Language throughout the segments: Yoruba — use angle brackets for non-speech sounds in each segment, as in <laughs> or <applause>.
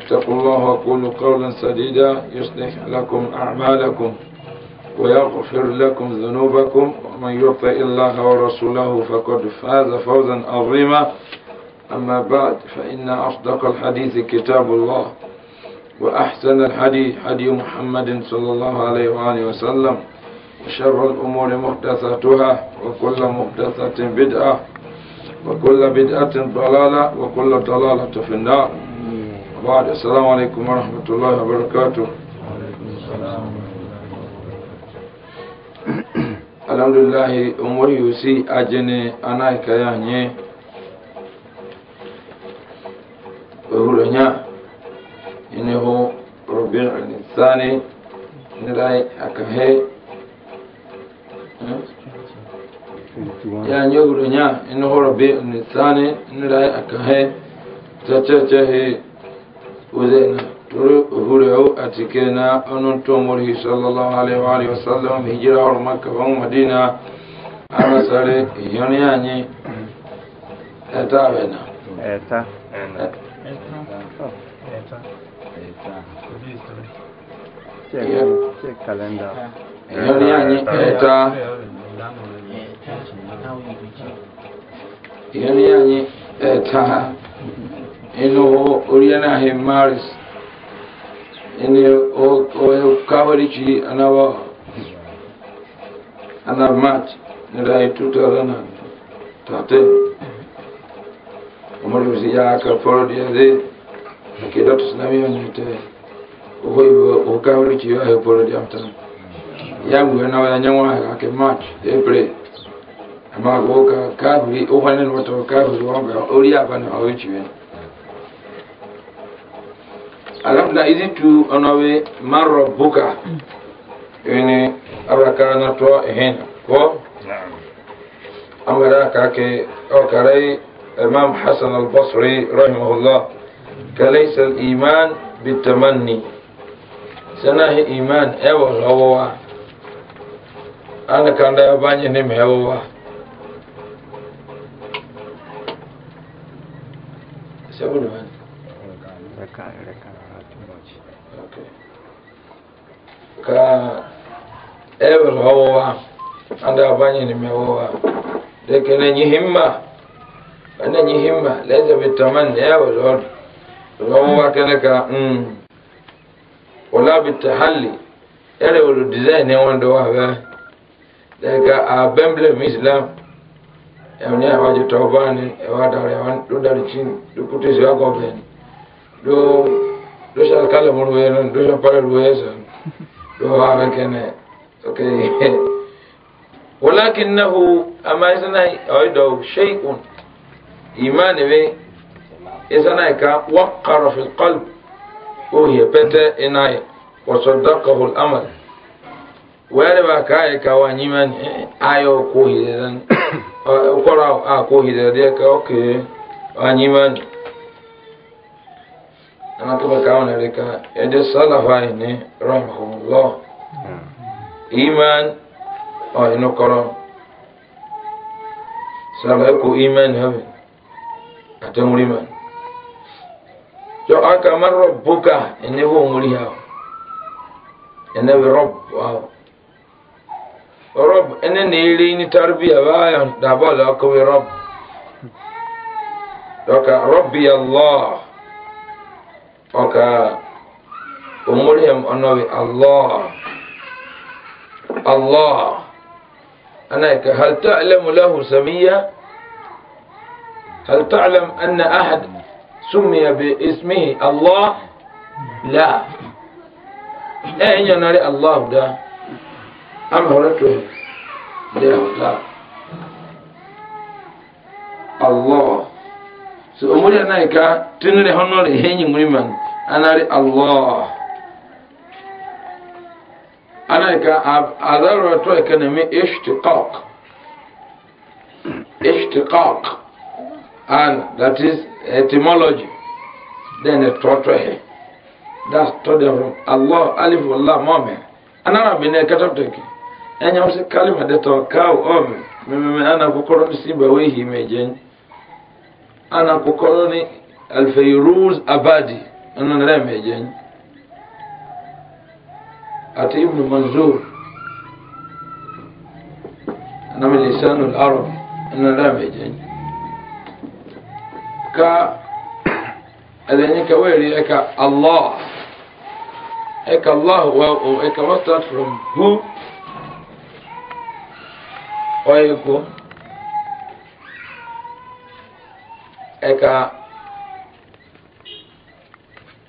اتقوا الله وقولوا قولا سديدا يصلح لكم أعمالكم ويغفر لكم ذنوبكم ومن يطع الله ورسوله فقد فاز فوزا عظيما أما بعد فإن أصدق الحديث كتاب الله وأحسن الحديث حدي محمد صلى الله عليه وآله وسلم وشر الأمور محدثاتها وكل محدثة بدعة وكل بدعة ضلالة وكل ضلالة في النار بعد السلام عليكم ورحمة الله وبركاته الحمد لله أمور يوسي أجني أنا كياني وهرنيا إنه ربيع الثاني نراي أكهي ya nyogurunya inohoro bi nisani nirai akahe chachachahe وزين هريو أتكينا أن تومره صلى الله عليه وآله وسلم هجرة مكة ومدينة أنا سالي يونياني أتا بنا أتا yonyanyi eta yonyanyi eta ino oriana he maris ini o e o kawari chi anawa anar mat tuta tate ya ka foro dia de ke dot snami on te o o kawari chi ya foro dia mtan ya mu na wa nyanwa ke mat epre ama go ka o hanen ka wa o alhamdulillah izi tu onawe marro buka ini araka na to hen ko amara ka ke o karai imam hasan al-basri rahimahullah كليس الإيمان بالتمني سنه إيمان أو غوا أنا كان ده باني نم هوا سبحان الله ka ewel howowa anda abanyini mewowa deke na nyi himma ana nyi himma laisa bitamanni ewel hodo howowa kene ka mm wala bitahalli ere wolo design ne wondo wa ba deka a bemblem islam ẹ̀wọ̀n yẹn wájú tọ́ bá ní ẹ̀wọ̀n adarí ẹ̀wọ̀n ló darí tí ló kú tẹ̀sí wá gọ́ọ̀bẹ̀ ni ló ló ṣàkálẹ̀ do náà ló ṣàpárẹ̀ rúwẹ̀ ẹ̀sán doha be kene okay <laughs> walakinahu amma isana ay do shay'un iman be isana ka waqara fil qalb o ye pete inay wa saddaqahu al amal wẹ́rẹ́ bá ká ẹ̀ka wa nyi ma ni ayọ̀ kó hìdẹ̀ dání ọ̀kọ́ra kó hìdẹ̀ díẹ̀ ọ̀kẹ́ wa nyi ma ana to ka ona le ka e de salafa ni rahmatullah iman o oh, ino koro salafa ko iman habe atamuri man jo aka man rabbuka ene ho muri ha ene bi rabb wa rob ene ne ile ni tarbiya ba ya da ba la ko rob doka rabbi allah الله الله هل تعلم له سمية هل تعلم أن أحد سمي باسمه الله لا أين ينري الله ده أم هرته ده الله الله so omuli anaika tinire hono le henyi muliman anari allah anaika adaro to ekanemi ishtiqaq ishtiqaq and that is etymology then it toto he to the from allah alif wallah mame anara bine katapteki enyo se kalima de to kaw me me ana kokoro siba wehi mejenye أنا كقولني الفيروز أبادي أنا نرمي جن أتى ابن منزور أنا من لسان العرب أنا نرمي جن كا أذنك ويري أك الله أك الله و أك وطات from who ويكو ẹka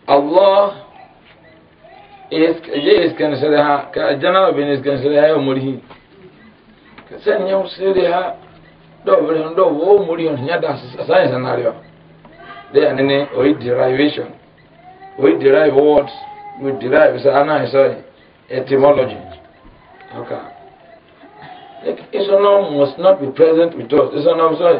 allah ye iskan sere ha ka janaba bin iskan sere ha yomuri ka sen nyam sere ha do bere do wo muri on nya da sai scenario they are nene oi derivation oi derive words we derive sa ana isa etymology okay Islam must not be present with us. Islam, sorry.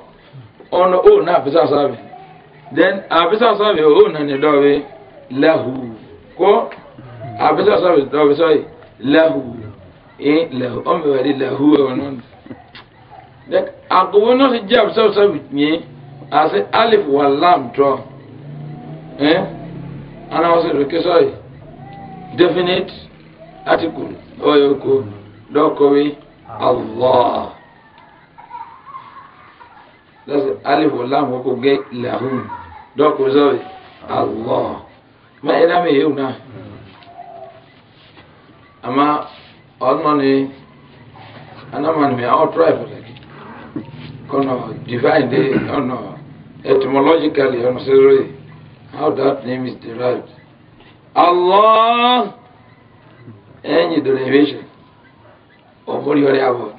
ọ̀nà ó oh, na àfisà sábẹ̀ then àfisà sábẹ̀ ó na ní dọ́wẹ́ lẹ́hù kó àfisà sábẹ̀ dọ́wẹ́ sọ́yì Lahu. ẹ̀ lẹ́hù ọmọ ìwà rí lẹ́hù ẹ̀wọ̀n náà then àkùbọ náà ti jẹ́ àfisà sábẹ̀ yẹn àti alif wà lam tọ́ ẹ̀ anáwọ̀sẹ̀ rẹ̀ kí sọ́yì definite article ọ̀yọ̀kọ̀ dọ́kọ̀wé allah dɔsi alifu lamu ko ge lahum dɔku zɔbi allah ma ɛna mi yewu na ama ɔnɔni anamani mi awɔ tura ɛfɛ divine de ɔnɔ etymologically ɔnɔ sɛrɛ how that name is derived allah ɛnyi derivation ɔmɔri yɔri awɔ.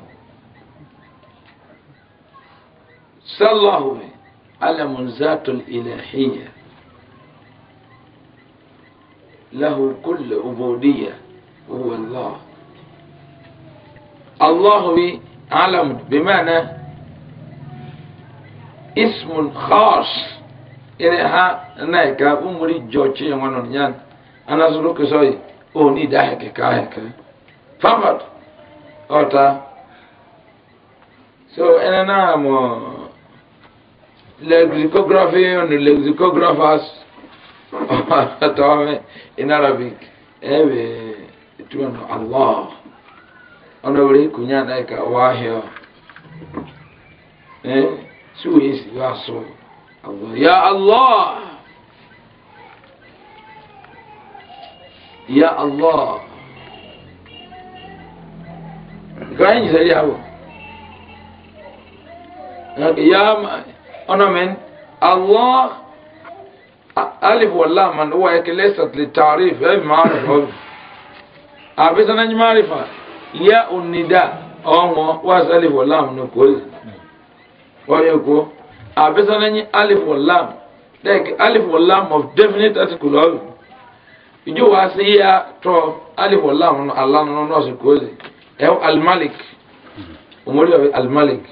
سالله علم ذات الإلهية له كل عبودية هو الله الله علم بمعنى اسم خاص إلى ها نايكا أمري جوتشي ونونيان أنا زلوك سوي أوني داهك كاهك فقط أوتا سو so, أنا نعم lexicography and lexicographers <laughs> in arabic ebe tuwan allah ọ̀nà wòle kùnyà náà kà wá hìọ ẹ sí wòye ya allah ya allah nǹkan ayé ń sẹ́yìn ya ono men Allah alif wallah man huwa yakilesat li ta'rif ya eh, ma'rif oh. abisa na ma'rifa ya unida onwo wa alif wallah no ko wa yako abisa na alif wallah like alif wallah of definite article of oh. ijo wa si ya to alif wallah no Allah no no so ko e al malik umuri al malik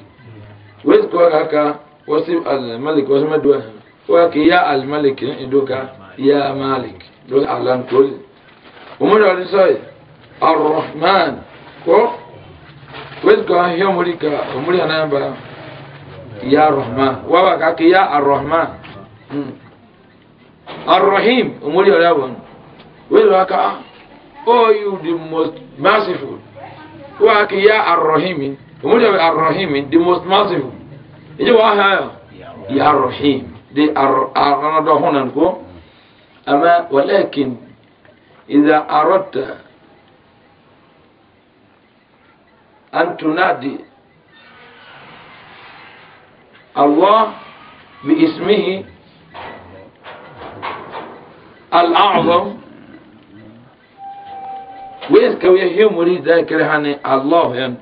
wezi kwa kaka wasu al-malik wasu maduwa wake ya al-malik idoka ya malik dole alan koli umar wani sai ar-rahman ko wani ga ya murika umar yana ba ya rahman wawa kake ya ar-rahman hmm. ar-rahim umar yana ba wani waka oh you the most merciful wake ya ar-rahim umar yana rahim the most merciful ije wa ha ya rahim de arana do honan ko ama walakin idha aradta an tunadi الله باسمه الأعظم ويذكر يهيو مريد ذاكر هاني الله يعني.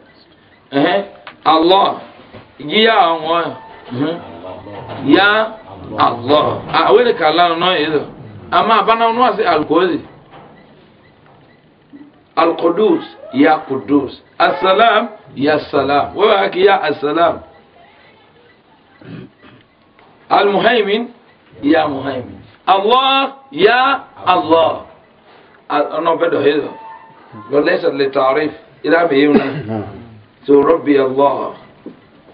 أه. الله giya àwọn ya allah awele kala no ido ama bana no ase alkozi alqudus ya qudus assalam ya salam wa haki ya assalam المهيمن يا مهيمن الله يا الله انا بده هذا وليس للتعريف الى بيونا ربي الله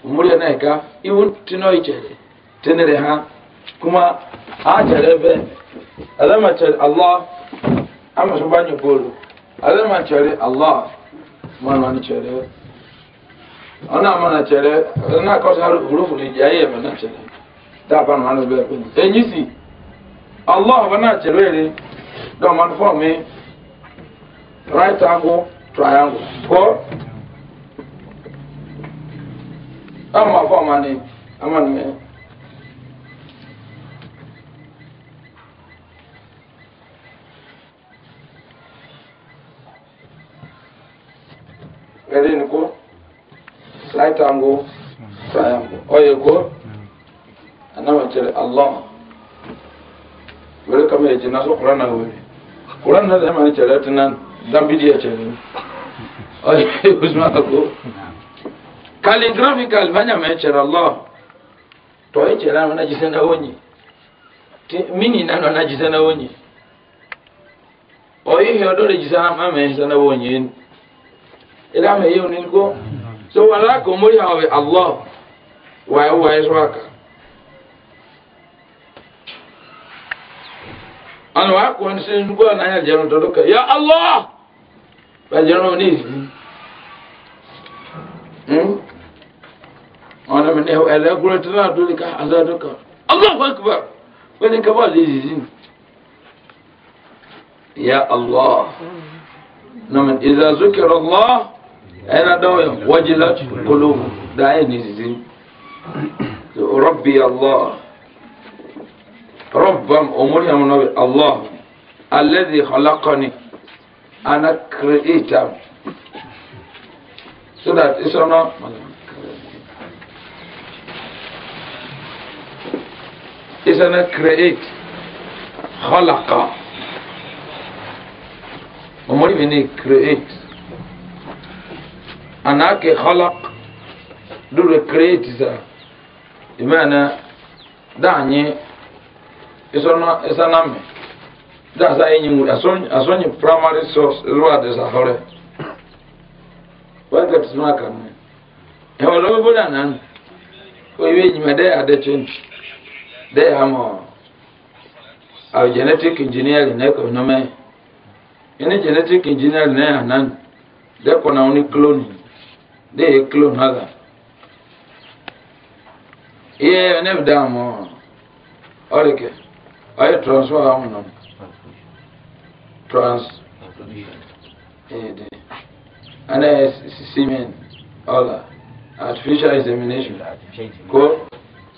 muri ya naika iwu tino chere tenere ha kuma ha chere ebe alama chere allah ama shi banyo goro alama chere allah na ni chere ona mana chere na ko sa hurufu ni jaye mana chere da ban mana be enyi e si allah bana chere re do man for me right angle triangle ko n'ama afọ ama ni ama n'ime ịdị n'uko raatangoo fayango ọ y'ego anam echele alọma were kama edzena sọ koraa na-ahụ nwere koraa na-ahụ na ịma n'iche ndetị na dambidi ya echele ọ yi eguzima n'ago. calligraphical banya ma echere allah to echere ahụ najise na onye mini na nọ najise na onye oyihe odore jise ama ma ejise na onye ila ama eyi onu so wala ka omori ha obi allah waye waye so aka wa ko nsi nko na ya jero to doka ya allah ba jero ni Hmm? ọ̀nà mi ní ẹ̀rẹ́ kúrẹ́ tó náà dúró ká azọ́dún kan aláwọ̀ akíbá wọ́n ní kábọ̀ lè yìí sí. ya allah nàmì ìzàzókèrè allah ẹ̀rọ adáwọ̀ yẹn wọ́jìlá kólóhùn dáhẹ́ ní ìsísí. ربي الله ربم أموري أمنوي الله الذي خلقني أنا كريتا so that it's is gonna create khalaqa omori bini create anake khalaq dure create za imana danye isona isaname da za enyi mu asonyi asonyi primary source ruwa de za hore wa na tsuna na ne e wala bola nan ko yi de ade they am a genetic engineer na ko nome any genetic engineering na nan they ko na only clone they clone haga yeah ne dam o orike ay transfer am No. trans eh de ana semen ola artificial insemination ko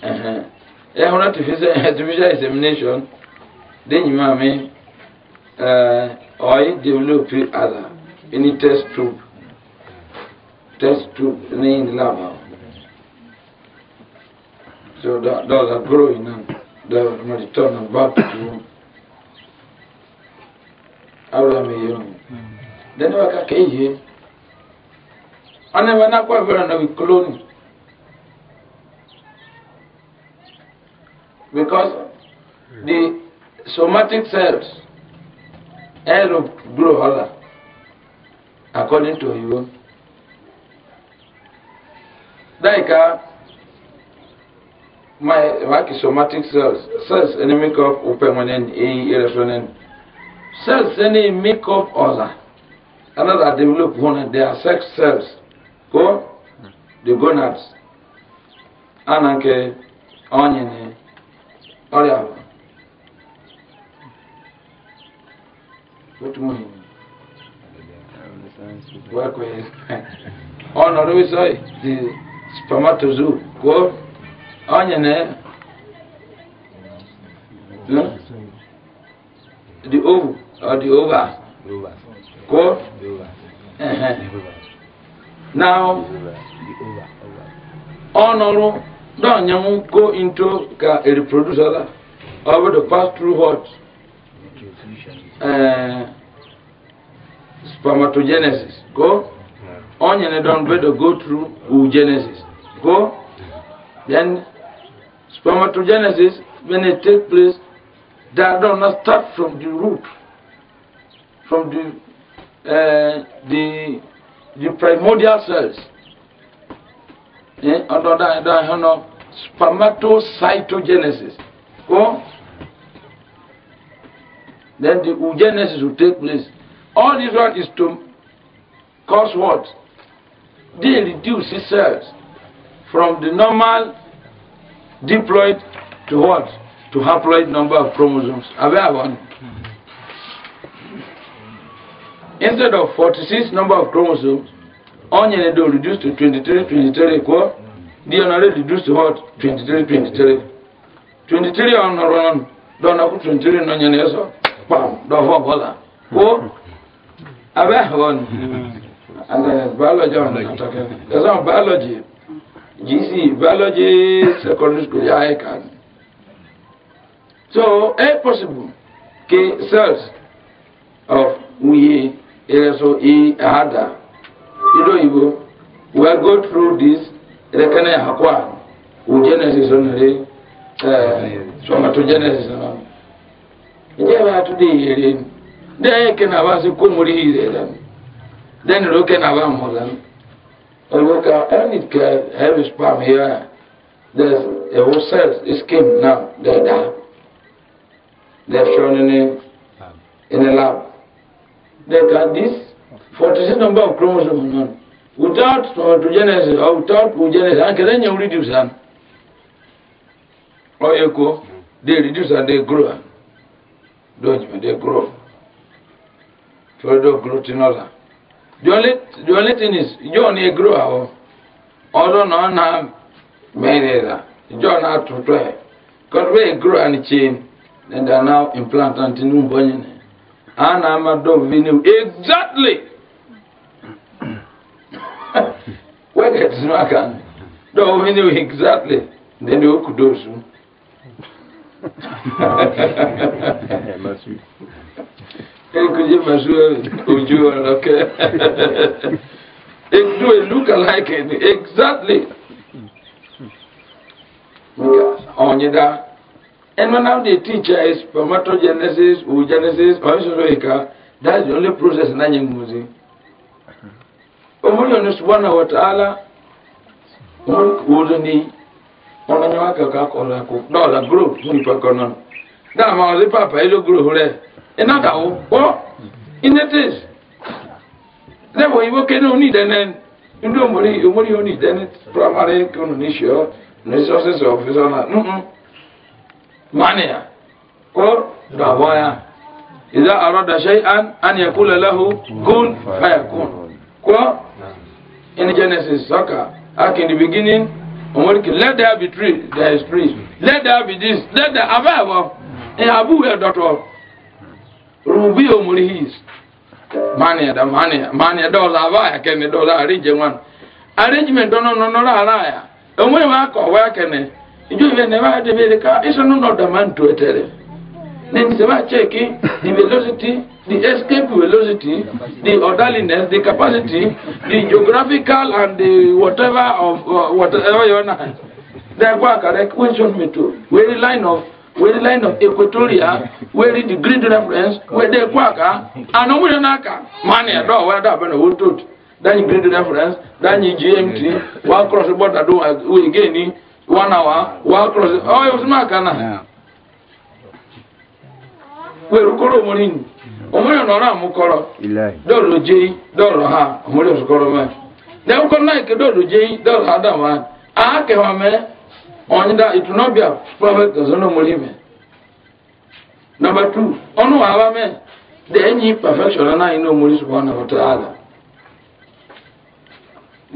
eh uh -huh. ya hụrụ artificial insemination dị nyime amị I develop ala ini test tube test tube the lab so that those are growing and they will return back to awura mi yi omi then wọ́n kà kéyìí ọ́nà ìwé náà kọ́ ìfẹ́ràn náà wí cloning. because the somatic cells help grow holler according to oyibo daika uh, my like somatic cells cells any make up permanent in irresonant cells any make up other another develop one their sex cells go the gonads ananke onyini ọrịa ọrịa otu mu wekwe ọnọdụ ụsọ dị spamatozu kwuo onye na the ovu or the ova kwuo uh, uh-huh. now ọnọdụ Now, Nyamu go into ka a reproducer over the pass through what? Uh, spermatogenesis. Go. Onion and don't better go through oogenesis. Go. Then spermatogenesis, when it take place, that don't not start from the root, from the uh, the the primordial cells. Eh, ọdọ dọ ahịa spermatocytogenesis ko then the oogenesis will take place all this one is to cause what they reduce the cells from the normal diploid to what to haploid number of chromosomes abẹ́ one? Mm-hmm. instead of forty six number of chromosomes onye do reduce to 23 23 ko di ona reduce to what 23 23 23 on ron do na ku 23 no nyene eso pam do ho bola ko abe hon and biology on the talk there's biology GC biology secondary school ya yeah, kan so e possible ke cells of we so e ada ido yibo we go through this rekana ya hakwa u genesis onere eh soma to genesis na ije ba to de yere de yake na ba se ko muri hire da den roke na ba mo da I work out and have a spam here. There's a whole cell scheme now. They there. They're shown in ah. in a lab. They got this 46 number of chromosomes none. Without ontogenesis uh, or uh, without cogenesis, and then you reduce them. Or oh, echo, they reduce and they grow. Don't they grow. Further growth in other. The only, the only thing is, you only grow. Uh, although none have many other. You don't have to try. Because when you grow and change, then they are now implanted into new body. And I'm a dog, exactly. Where does no can? No, we knew exactly. Then you could do so. Enkuje masu ojú ọ̀rọ̀ kẹ́. Do a look alike exactly. Ọ̀nyẹ́dá. And when now they teach us spermatogenesis, oogenesis, or something that, that's the only process in any music. omuli ono subhanahu wataala wuzuni onanyawaka kakola ku dola group munitwakonon damawazi papa ilo group le e o inetis debo ibo kene ndi omuli omuli onidenen primary kononisio resources officer na mm, mm. mania ko dawaya إذا أراد شيئا أن يقول له كن فيكون ko in genesis saka like in the beginning omoriki let there be tree there is tree let there be this let there ababo in e, abu we doto rubi omori his mani da mania mani da ola ya kemi da ola arrange wan nọ no no no ara ya omori wa ko wa kene ijo be ne ba ka iso no no da man etere Then Sema checking the velocity, the escape velocity, the orderliness, the capacity, the geographical and the whatever of uh, whatever you want. That work correct question me to where line of where the line of equatoria, where the grid reference, where the quaka, and no one aka money at all, where that would do. Then you grid reference, then you GMT, one cross the border do uh, again, one hour, one cross. Oh, it was my wẹ̀rù kóró mọ́rí nù òmùrẹ̀ na àmúkọ́rọ̀ dọ́ọ̀rọ̀ jẹ́yìn dọ́ọ̀rọ̀ ha òmùrẹ̀ òsùkọ́rọ̀ mẹ́ dẹ́kọ́ láìké dọ́ọ̀rọ̀ jẹ́yìn dọ́ọ̀rọ̀ ha dà wá àákẹ́wà mẹ́ ọ̀nyídà ìtùnọ́bíà prophet ọ̀sánà mọ́rí mẹ́. nọmba tù ọ̀nù dẹ́yìn perfection náà iná mọ́rí sùpọ̀ náà ọ̀tá àlà.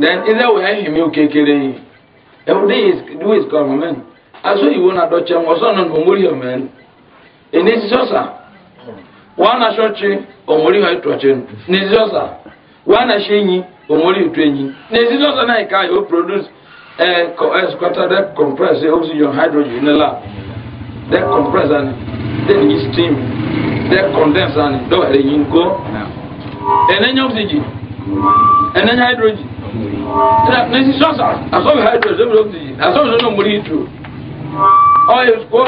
then ilé ẹ̀hìn mi ò kékeré yìí yìí is wana shochi omori ha itwa chenu nizosa wana shenyi omori itwenyi nizosa na ikai o produce eh ko es kwata de compress eh, oxygen hydrogen in la de compress and then you steam de condense and do re yin go enenyo oxygen enenyo hydrogen na Aso aso hydrogen oxygen aso no omori itu Oye sko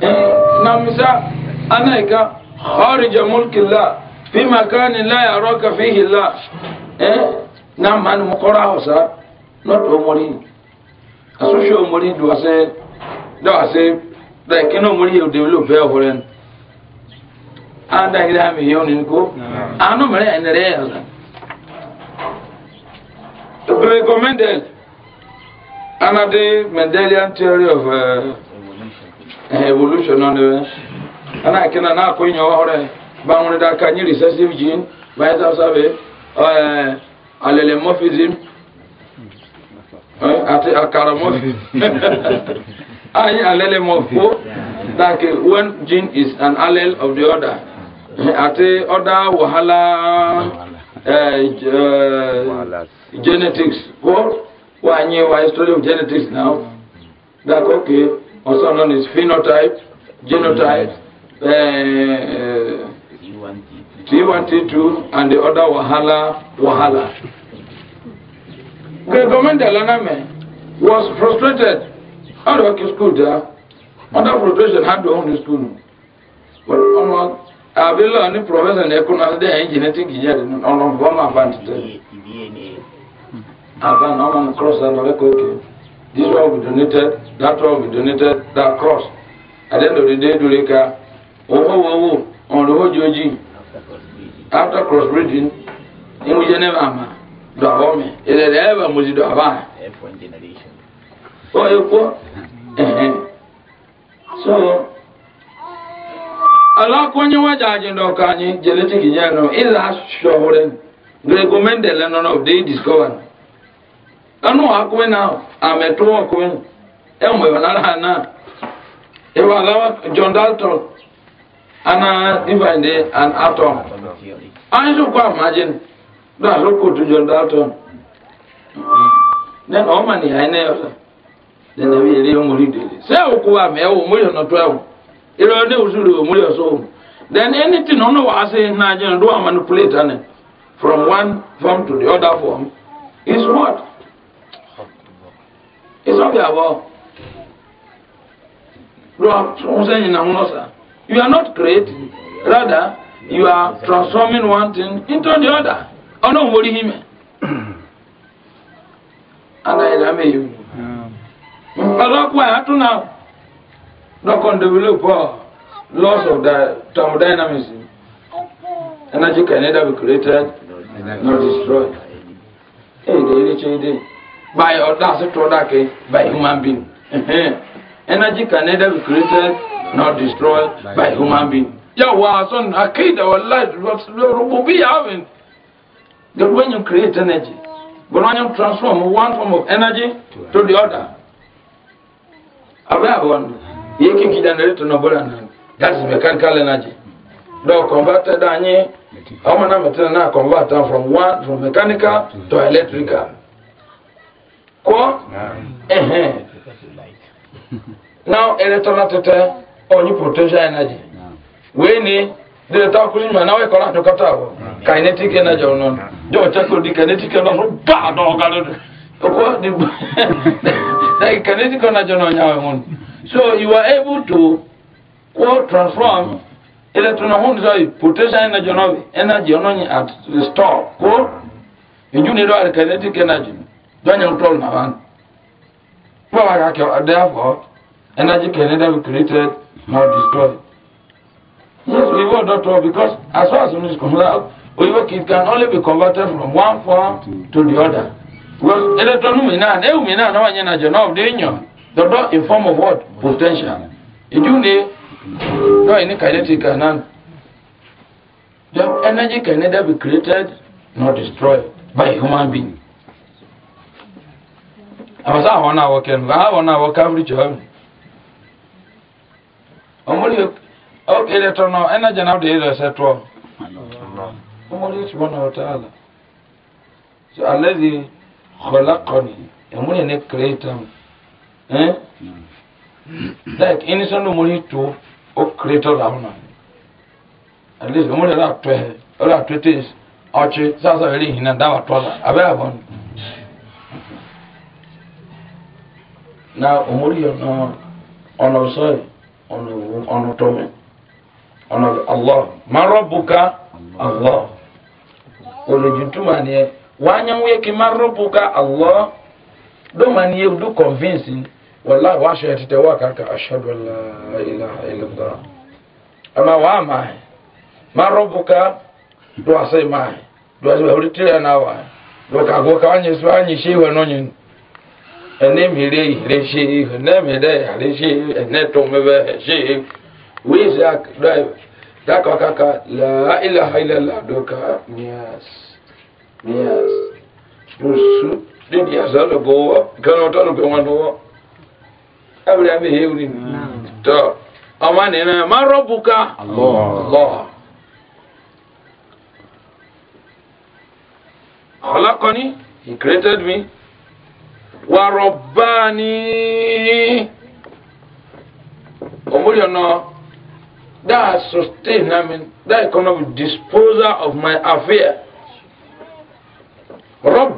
eh na misa anaika خارج ملك الله في مكان لا يراك فيه الله إيه؟ نعم أنا مقرأ وسا نوت أمورين أسوشي أمورين دو أسي دو أسي دا كنا أمورين يدولو فيه فرين أنا إلى مليون إنكو أنا مرة أنا رأي recommended another Mendelian theory of uh, evolution on the ana kina na ko nyo hore ba mun da ka ni recessive gene ba za sabe eh alele morphism eh ati akara morphism <laughs> ay alele morpho that one gene is an allele of the other eh, ati other wahala eh, eh genetics ko wa nye wa history of genetics now that okay also known as phenotype genotype uh, eh, eh, eh, T1, and the other Wahala, Wahala. The government Laname was frustrated. How do school there? Under frustration, had to own the school. But on um, uh, I've been learning professor and economics, the engineering engineering, on a bomb advantage. Hmm. I've been on cross and like, okay, this one will be donated, that one will be donated, that cross. At the end of the day, Dureka. owowowo ọrụ oji oji after cross breeding ihu je neva ama dọba ome ilere ebe mozi dọba o ekwo so onye waja aji ndọka anyị jeletik nye nọ ịla shọhure grego mendele nọ na obde discover anu akume na ametu okume enwe nara ha na ewa alawa john dalton ana ifande an atom an so kwa imagine do alo ko to jon atom then o mani haine yo then e wi yo muri de se o ku wa me o muri no to e ro ne usuru o muri so then anything ono wa se na je do manipulate ane from one form to the other form is what is not your about do a so se ni na uno sa You are not great, rather, you are transforming one thing into the other. Oh no, worry him. And I love you. Ọlọ́pàá ẹ̀ tún náà lọ́kàn develop laws of the thermodynamics. Energy can either be created nor destroyed. Èdè ilé ṣe é dé. Báyọ̀ ọ̀dà sí tọ́lá by human being. Energy can neither be created nor destroyed by, human being. Yawa son akida wallahi rububiya having that when you create energy, but when you transform one form of energy to the other. Abia one yeki kijanere to nobora That is mechanical energy. Do converted any how many metal na convert from one from mechanical to electrical. Ko? Eh eh. now electronic only potential energy we need the talk with me now we call to cut out kinetic energy or not do check <laughs> the kinetic energy bad or god the kinetic energy on your own so you are able to quote transform electron on the potential energy on energy on at the store quote you need all kinetic energy don't you problem Power accurate, therefore, energy can neither be created nor destroyed. Yes, we will not all because as far as it is concerned, we work it can only be converted from one form to the other. Because electron mina, ewu mina na wanya na jona of the union, the dot in form of what? Potential. In Ijune, no any kinetic and uh, none. The energy can neither be created nor destroyed by a human being amasa ahɔn na awɔ kɛnu ahɔn na awɔ kaviri jɔ ɛmu ɔmoli ɔkele tɔ nɔ ɛna gyina ɔde yɛrɛ sɛ tɔ ɔmoli tɔ na ɔta ala so alɛbi kɔla kɔni ɛmoli ne kere tam eh? ɛn like inisɔn na ɔmoli to o kere tɔ la ɔna alɛbi ɔmoli la tɔ yɛ ɔla tɔ te ɔtsi sasa yɛrɛ yina dama tɔ la abe abɔni. na omori ọ̀nà ọ̀nà sọ́yì ọ̀nà òwú ọ̀nà tọ́mẹ̀ ọ̀nà ma marọ́bùkà allah olùjútùmọ̀ ni ẹ wàá nyẹ́ wọ́n yẹ kí marọ́bùkà allah dọ́mà ni yẹ dú convincing wàlá wàá sọ ẹ̀ títẹ̀ wá kàkà aṣọ́dọ̀ ilà ilà ama wàá máa yẹ marọ́bùkà dọ́ àṣẹ máa yẹ ɛne mire yɛre hyee ɛne mire yɛre hyee ɛne tome bɛ hyee wei sɛ dai daka kaka laa ilaha ilala doka mias mias nusu de ni asa lo go wɔ gana ɔtɔ lo gɛwɔn do wɔ ɛwura mi hewu ni tɔ ɔma nina ma rɔbu ka lɔ ɔlɔkɔni he created me warọ̀báni omuli ọ̀nà that sustain na I mean that economy disposer of my affair rob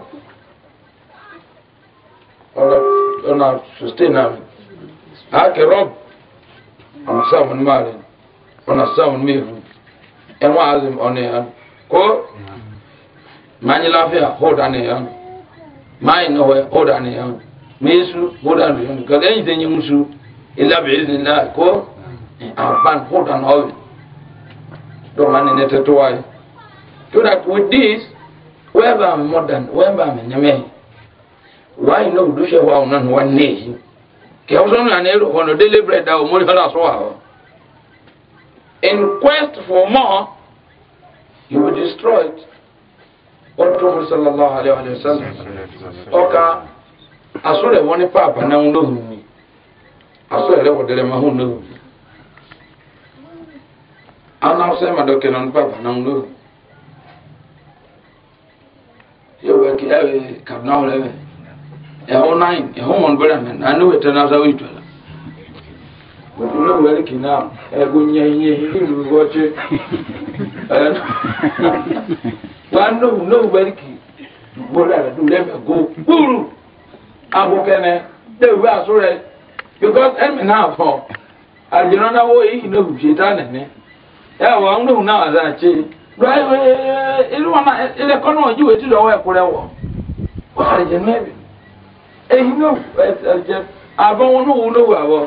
ọ̀nà sustain na I mean ake rob ọ̀nà sáwọn mmarin ọ̀nà sáwọn mmefu ẹ̀wọ̀n azim ọ̀nà ya ko manyelafi ahọ́ọ̀dá hold ya nù mai no we oda ne yon mesu oda ne yon ka den den musu illa bi iznillah ko ban oda no do man ne te to wai to that with this wherever I'm modern wherever I'm nyame why no do she wa unan wan ne ke ozo na ne ro hono deliberate da o mo fara so wa in quest for more you will destroy it ọtọfọ sallallahu alayhi wa sallam ọka asọrọ ẹwọn ní paapa náà ń mi asọrọ ẹrẹ wọ dẹrẹ máa ń lóhùn mi anáwọsẹ màdọkẹ náà ní paapa náà ń lóhùn yóò wẹ kí ẹ náà mẹ náà náà wetule wele kina egunyenyehi ilugoche eh, wanobu nobu weliki gbolere duleme go gburu abukene dewe asure because ẹnmi náà fọ àjẹrán náà wọ èyí náà bùṣe tá nìní ẹ na àwọn ya náà àzá na wọ eh, eh, ehi na abụọ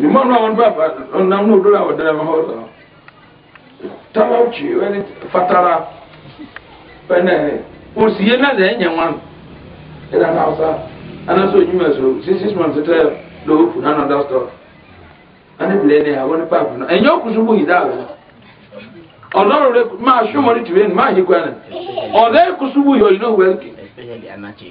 ni mọ́nú àwọn bàbá ọ̀nà mú òdúrà ọ̀dẹ́ ẹ̀mọ́ ọ̀sọ̀ táwọn ọ̀chì ẹni fatara pẹ̀lẹ́ òsì yẹn náà lẹ́yìn yẹn wọn ẹ̀dá náà ọ̀sá anásó yìí mẹ̀sọ̀ six six months tẹ́ lówó fún náà náà dọ́sítọ̀ ẹni bìlẹ̀ ni àwọn nípa àbùnà ẹ̀yìn ọkùn sún bóyì dáa rẹ̀ ọ̀dọ́rọ̀ rẹ̀ máa súnmọ́ ní tìrẹ́nì máa yí gbẹ́nì ọ̀dọ́ ẹ̀kùn sún bóyì ọ̀yìn náà wẹ̀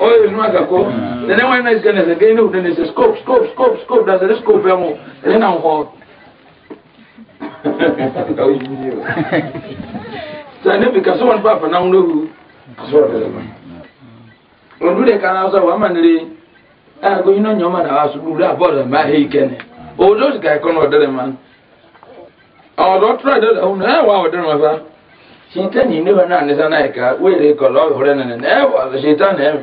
oyo linwaga ko mm. nene wena isikanese ngene utenese scope scope scope scope dasere scope yamo elena nhoro sane bika so wan papa na unohu ondude kana so wamanire ago ino nyoma na wasuru da boda ma heikene odo sika kono dere man unu e wa ma fa ni ne ko lo hore ne ne ne wa ne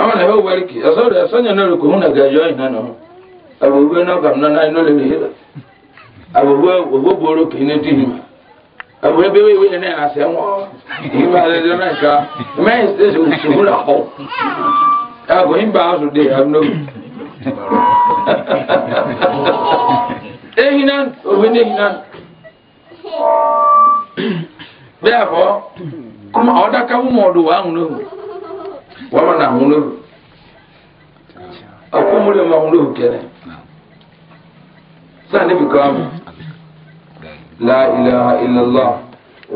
ọmọdé bá wọlé kì ọsọdọ ẹsọnyẹ náà lóko hún nàgà ẹjọ yìí nánà àbòbúwé náà kàm náà náà lórí yìí lọ àbòbúwé òwò kì í ní dì nìyí wíwí àṣẹ wọn yìí bá òṣùwò yìí bá aṣọ dé ehi náà ní náà bẹ́ẹ̀ mọ̀ wà áhùn náà. wama na hunu ah. aku mule ma hunu kene sani bikamu la ilaha illallah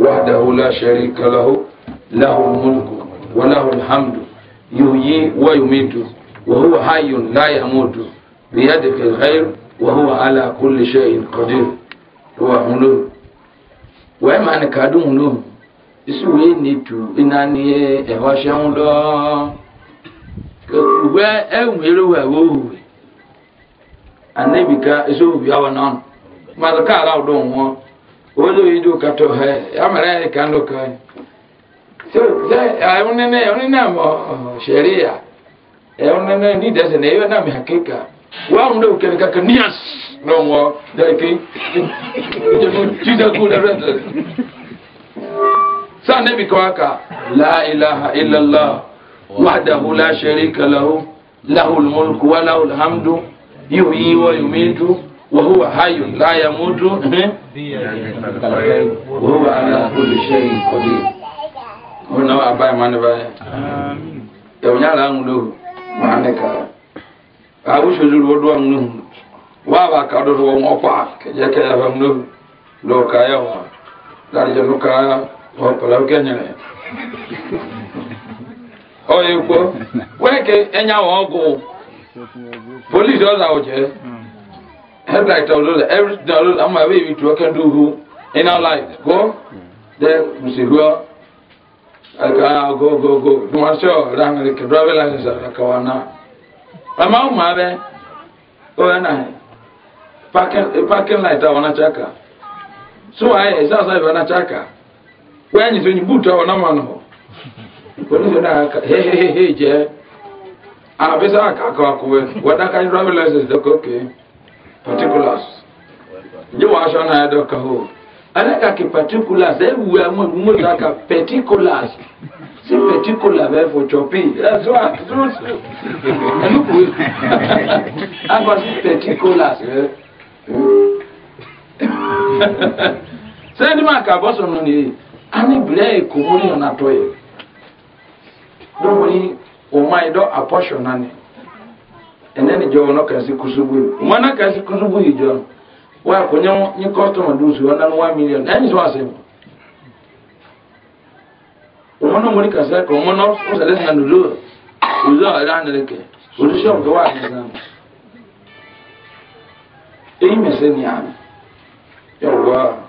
wahdahu la sharika lahu lahu mulku wa lahu alhamdu yuhyi wa yumitu wa huwa hayyun la yamutu biyadika alkhair wa huwa ala kulli shay'in qadir wa hunu wa ni kadun hunu isi wee netu naanị ịhọcha ndọ uwe enwere uwe owuwe anabika isi obi awa n'ọnụ mmadụ ka ala ụdọ nwụọ onye oyi dị ụkatọ ha ya mere anyị ka ndụ ka onene mọ sheria onene nidese na ewe na mihakeka wa mdo ukene kaka nias n'ọnwụ dọike jesus good saa nabi kɔ aka la ilaha illallah wahdahu la sharika lahu lahu lmulku wa lahu lhamdu yuhyi wa yumitu wa huwa hayyun la yamutu mhm. wa huwa ala kulli shay'in qadir wọn náà wà báyìí mọ́ni báyìí yàwó nyàlá ń lò wọn ní kàrà àwùjọ lórí wọn àwọn ọmọ wọn àbá kàdúrà wọn ọ̀pá kẹjẹ kẹjẹ fẹ́ ń lò lọ́ọ̀ká wọn láti jẹ́ lọ́ọ̀ká ọkọlọ oke nyere ya oyi kwuo weke enya wa ọgụ polisi ọza ụjẹ headlight ọlụla everything ọlụla mma ebe ibi tụọ kendụ uhu go de musi aka go go go ọrụ ahụ ke driving license aka na ama ụmụ abịa oya na parking light awọ na chaka so ayẹ esi asa na wanyi sonyi buta ọ namano wani so na ka he he he je ah, a aka ka ku wada ka driver license da oke particulars wa sha na da ka ho ana ka ke patikulas, e eh, wu amu mu da ka particulars si particular be eh, for chopi that's what true anu ku agba si particulars send ma ka aka no ni ani bilɛɛ komori na tɔ ye domoni o ma ye dɔ a pɔsɔn na ni ɛnɛ ni jɔn wɔnɔ kasi kusubu ye mɔna kasi kusubu ye jɔn wa ko nyɛ nyɛ kɔtɔmɔ dusu wɔn nanu waa miliyɔn ɛn sɔn a se mu o mɔna mɔni kasi kɔ o mɔna o sɛlɛ na nulo o zɔ ɛrɛ an yɛrɛ kɛ o ti sɔn kɛ waa kɛ san eyi mɛ se ni a yɛ wɔ.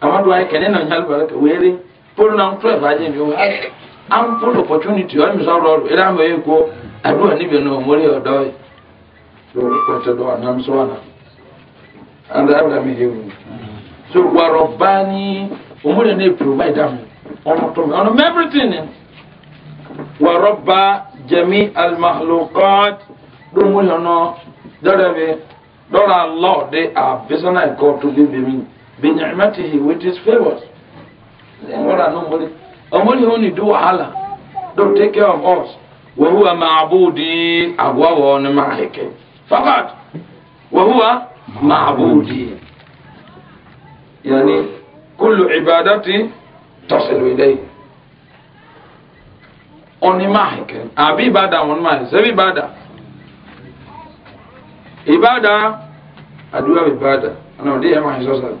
amadu ayi kene na nyal bala ka were pol na to e baje mi wa am pol opportunity o mi so ro ira mo e ko adu ani be no mo ri odo e so ko te do na so ana anda abra mi hewu so wa robani o mo ne provide am on to on everything wa robba jami al mahluqat dum mo no dara be dora allah de a bisana ko to bi bi mi بنعمته with his favors then what are nobody omori only do wahala don't take care of us وهو معبودي أبوه نمعك فقط وهو معبودي يعني كل عبادتي تصل إليه onimáhìkì àbí ìbàdà wọn máa ṣẹ́bí ìbàdà ìbàdà àdúrà ìbàdà ọ̀nà òdí ẹ̀ máa ṣọ́sàlẹ̀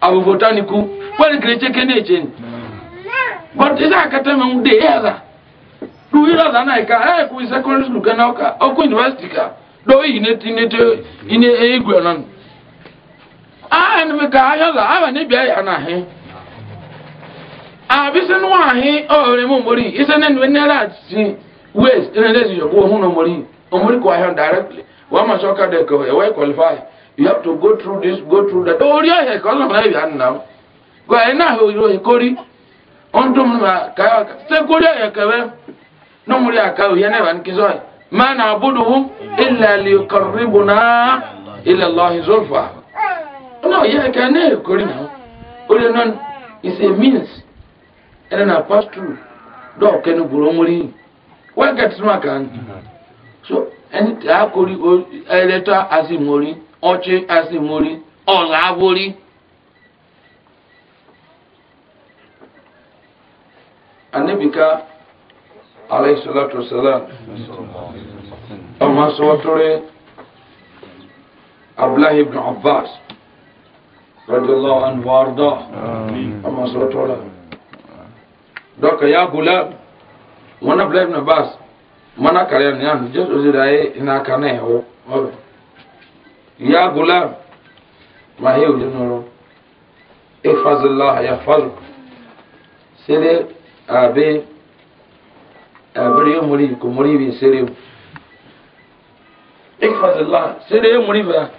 abubota ni ku kwani kirece ke ne but isa ka ta mun de yaza du ira da na ka ku secondary school ka na ka university ka do yi ne ine e igwe non a en me ka ya la aba ne bia ya na he a bi se no ahe o re mo mori isa ne ne ne ra west ne ne si yo ko hu no mori o mori ko ahe directly wa ma shoka de ko e wa qualify you have to go through this go through that. orí ọ̀hẹ̀ kan náà láì yà nà ó gba ẹ̀ náà ìròyìn kórí ọ̀n tó múlò káyọ̀ ṣé kórí ọ̀hẹ̀ kẹwẹ́ náà múlò àkàwé yẹn náà ní kíso ẹ̀ máa nà abúlù hù ilẹ̀ àlè kọ̀rìbù náà ilẹ̀ lọ́hìn zọ́fà. náà yẹ kẹ́ ní èkórí náà orí ẹ̀ náà is a means ẹ̀ náà pass through dọ́ọ̀ kẹ́ni gbòòrò mórí wọ́n kẹ́ tí wọ́n kàn án. so ẹni tí a kórí ẹ̀rẹ́ta ọjị azimori ọla awori anabika alayhi salatu wasalam ọmọ sọtọrẹ abdullahi ibn abbas radiyallahu anhu warda ọmọ sọtọrẹ dọkà ya gulam wọn abdullahi ibn abbas mọnà kàrẹ ní àná jésù sì ráyè iná kanáà ẹwọ ọbẹ. ya gulam ma he ojo noro ifazillah ya faru sere abe abiri yo muri ko muri bi sere ifazillah sere yo muri ba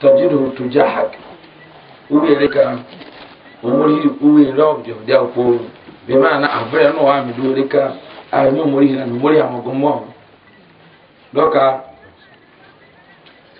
tajidu tujahak ubere ka umuri uwe lobjo dia ko bi mana abere no wa mi durika ayo muri na muri amagomo doka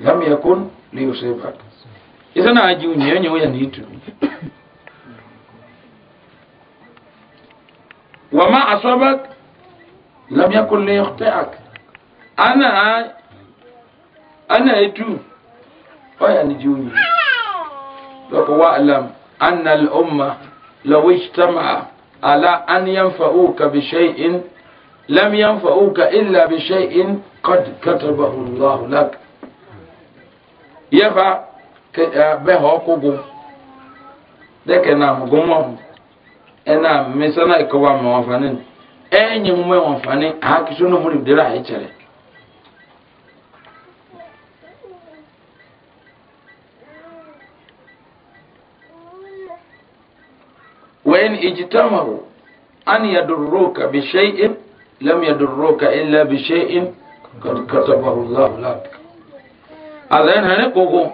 لم يكن ليصيبك إذا أجيوني وين وينيتني وما أصابك لم يكن ليخطئك أنا أنا أتو ويا جوني لك واعلم أن الأمة لو اجتمع على أن ينفعوك بشيء لم ينفعوك إلا بشيء قد كتبه الله لك yɛba eh, bɛha ɔkogo dɛkɛ na gomɔ ɛna mesa na ɛkɔwa mɛ wɔfane ɛnyɛ mu mɛ wɔfane ahakiso no muri dira ayɛ kyerɛ وإن اجتمعوا أن يضروك بشيء لم يضروك إلا بشيء قد كتبه الله لك azan hane gogo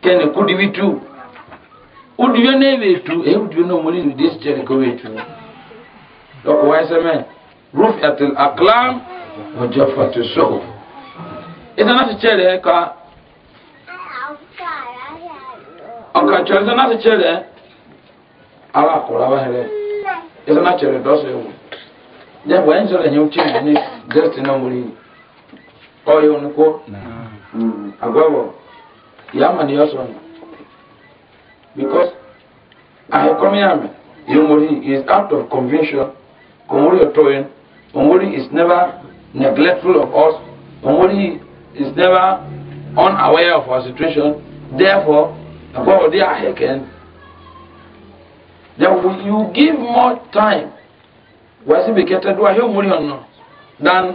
kene kudibi tu udiyo ne wetu e udiyo no moni ni des tere ko wetu ruf atil aqlam wa jaffatu suhuf idan na tere e ka aka chanda na tere e. ala ko la ba na tere do se ne wa desi ni Hmm. agwagwa yama ni yoson because ahekomiyame yomori is out of convention komori otoyen omori is never neglectful of us omori is never unaware of our situation therefore agwagwa they are heken then you give more time wasi bekete do ahe omori ono than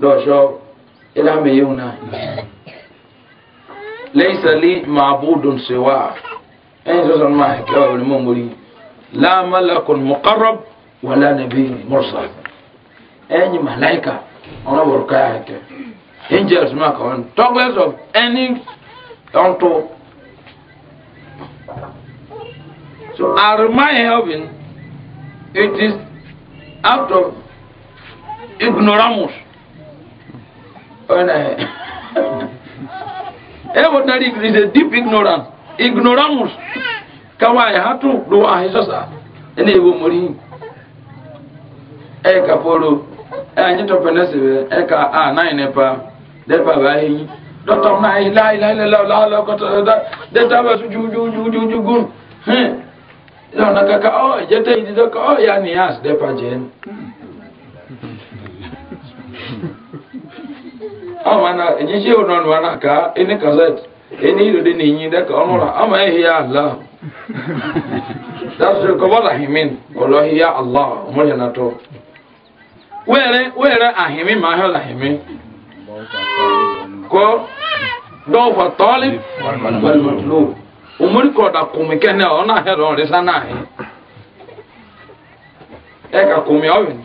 dɔɔsɔ ila me yewu na leisa li maabudun sewa ɛn sɔsɔn ma kɛ wa wuli mun bori la malakun muqarrab wala nabi mursal ɛn malaika ɔna bɔrɔ kaya kɛ angels ma ka wɔn talkless of any ɔnto so arima in heaven it is out of ignoramus. Everybody is a deep ignorance. Ignoramus. Kawai hatu do a hisasa. Ene ewo mori. Eka polo. Anyi to penese eka a ah, nine nepa. Depa ba yi. Dọtọ na yi la ila ila la la kọtọ da. Deta ba su ju ju ju ju ju gun. Hmm. kaka oh jete idi doka oh ya ni as depa jen. ama na enye shi ono no ka ene kazet ene ido de nyi de ka onora ama ehi ya allah that's ko wala himin wallahi ya allah mo ya nato were were ahimi ma ha la himi Kọ do fa talib wal matlub umur ko da kumi kene ona hero resana e ka kumi oven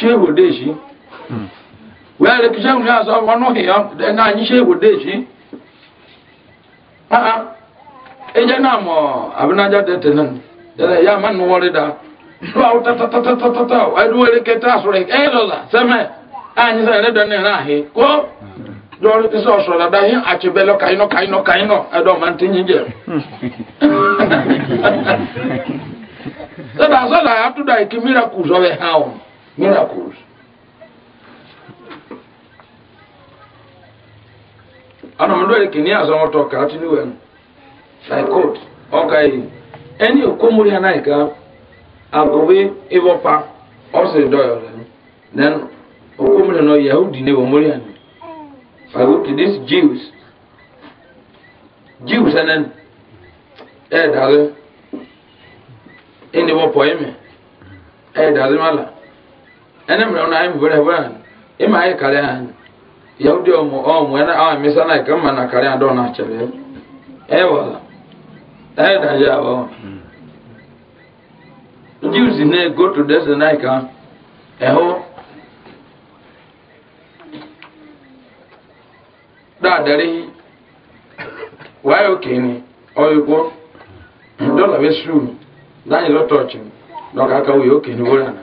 shehu deji wẹ́ẹ̀rẹ̀ kí shehu náà sọ wọn nùhìyàn náà ní shehu deji ẹjẹ náà mọ̀ abinájá dẹ́tẹ̀ náà dẹ́tẹ̀ yá má nù wọlé dá lọ́wọ́ àwọn tatatatata ẹ̀dúwẹ̀rẹ̀ kẹta àsọ̀rẹ̀ ẹ̀ lọ́la sẹ́mẹ̀ àyìnsá ẹ̀rẹ́ dání náà hì kó lọ́rọ̀ tí sọ̀ sọ̀rọ̀ dá yín àtibẹ́lọ́ kàyínọ́ kàyínọ́ kàyínọ́ ẹ̀dọ́ máa ń tẹ́ yín jẹ. sọ́dà sọ́dà àtúndà ìkí mìíràn kù sọ́wẹ́ hàn ọ́. Δεν ακούς. Ana mdo ile kini azo moto kati ni wen. Like court. Okay. Any okomuri anai ka agowe ewopa ose doyo len. Then okomuri no Yahudi ne omuri ani. I go to these Jews. Jews and then eh dale. Ini wo poeme. Eh dale mala. ene mre na ayi bere bere ima ayi kare an yahudi omo omo ene awa misa na kama na kare an don na e ewa ayi da ja Jews ne go to this na ka eho da dare wayo kini oyugo dola besu dani lo touch doka ka uyo okenye wora na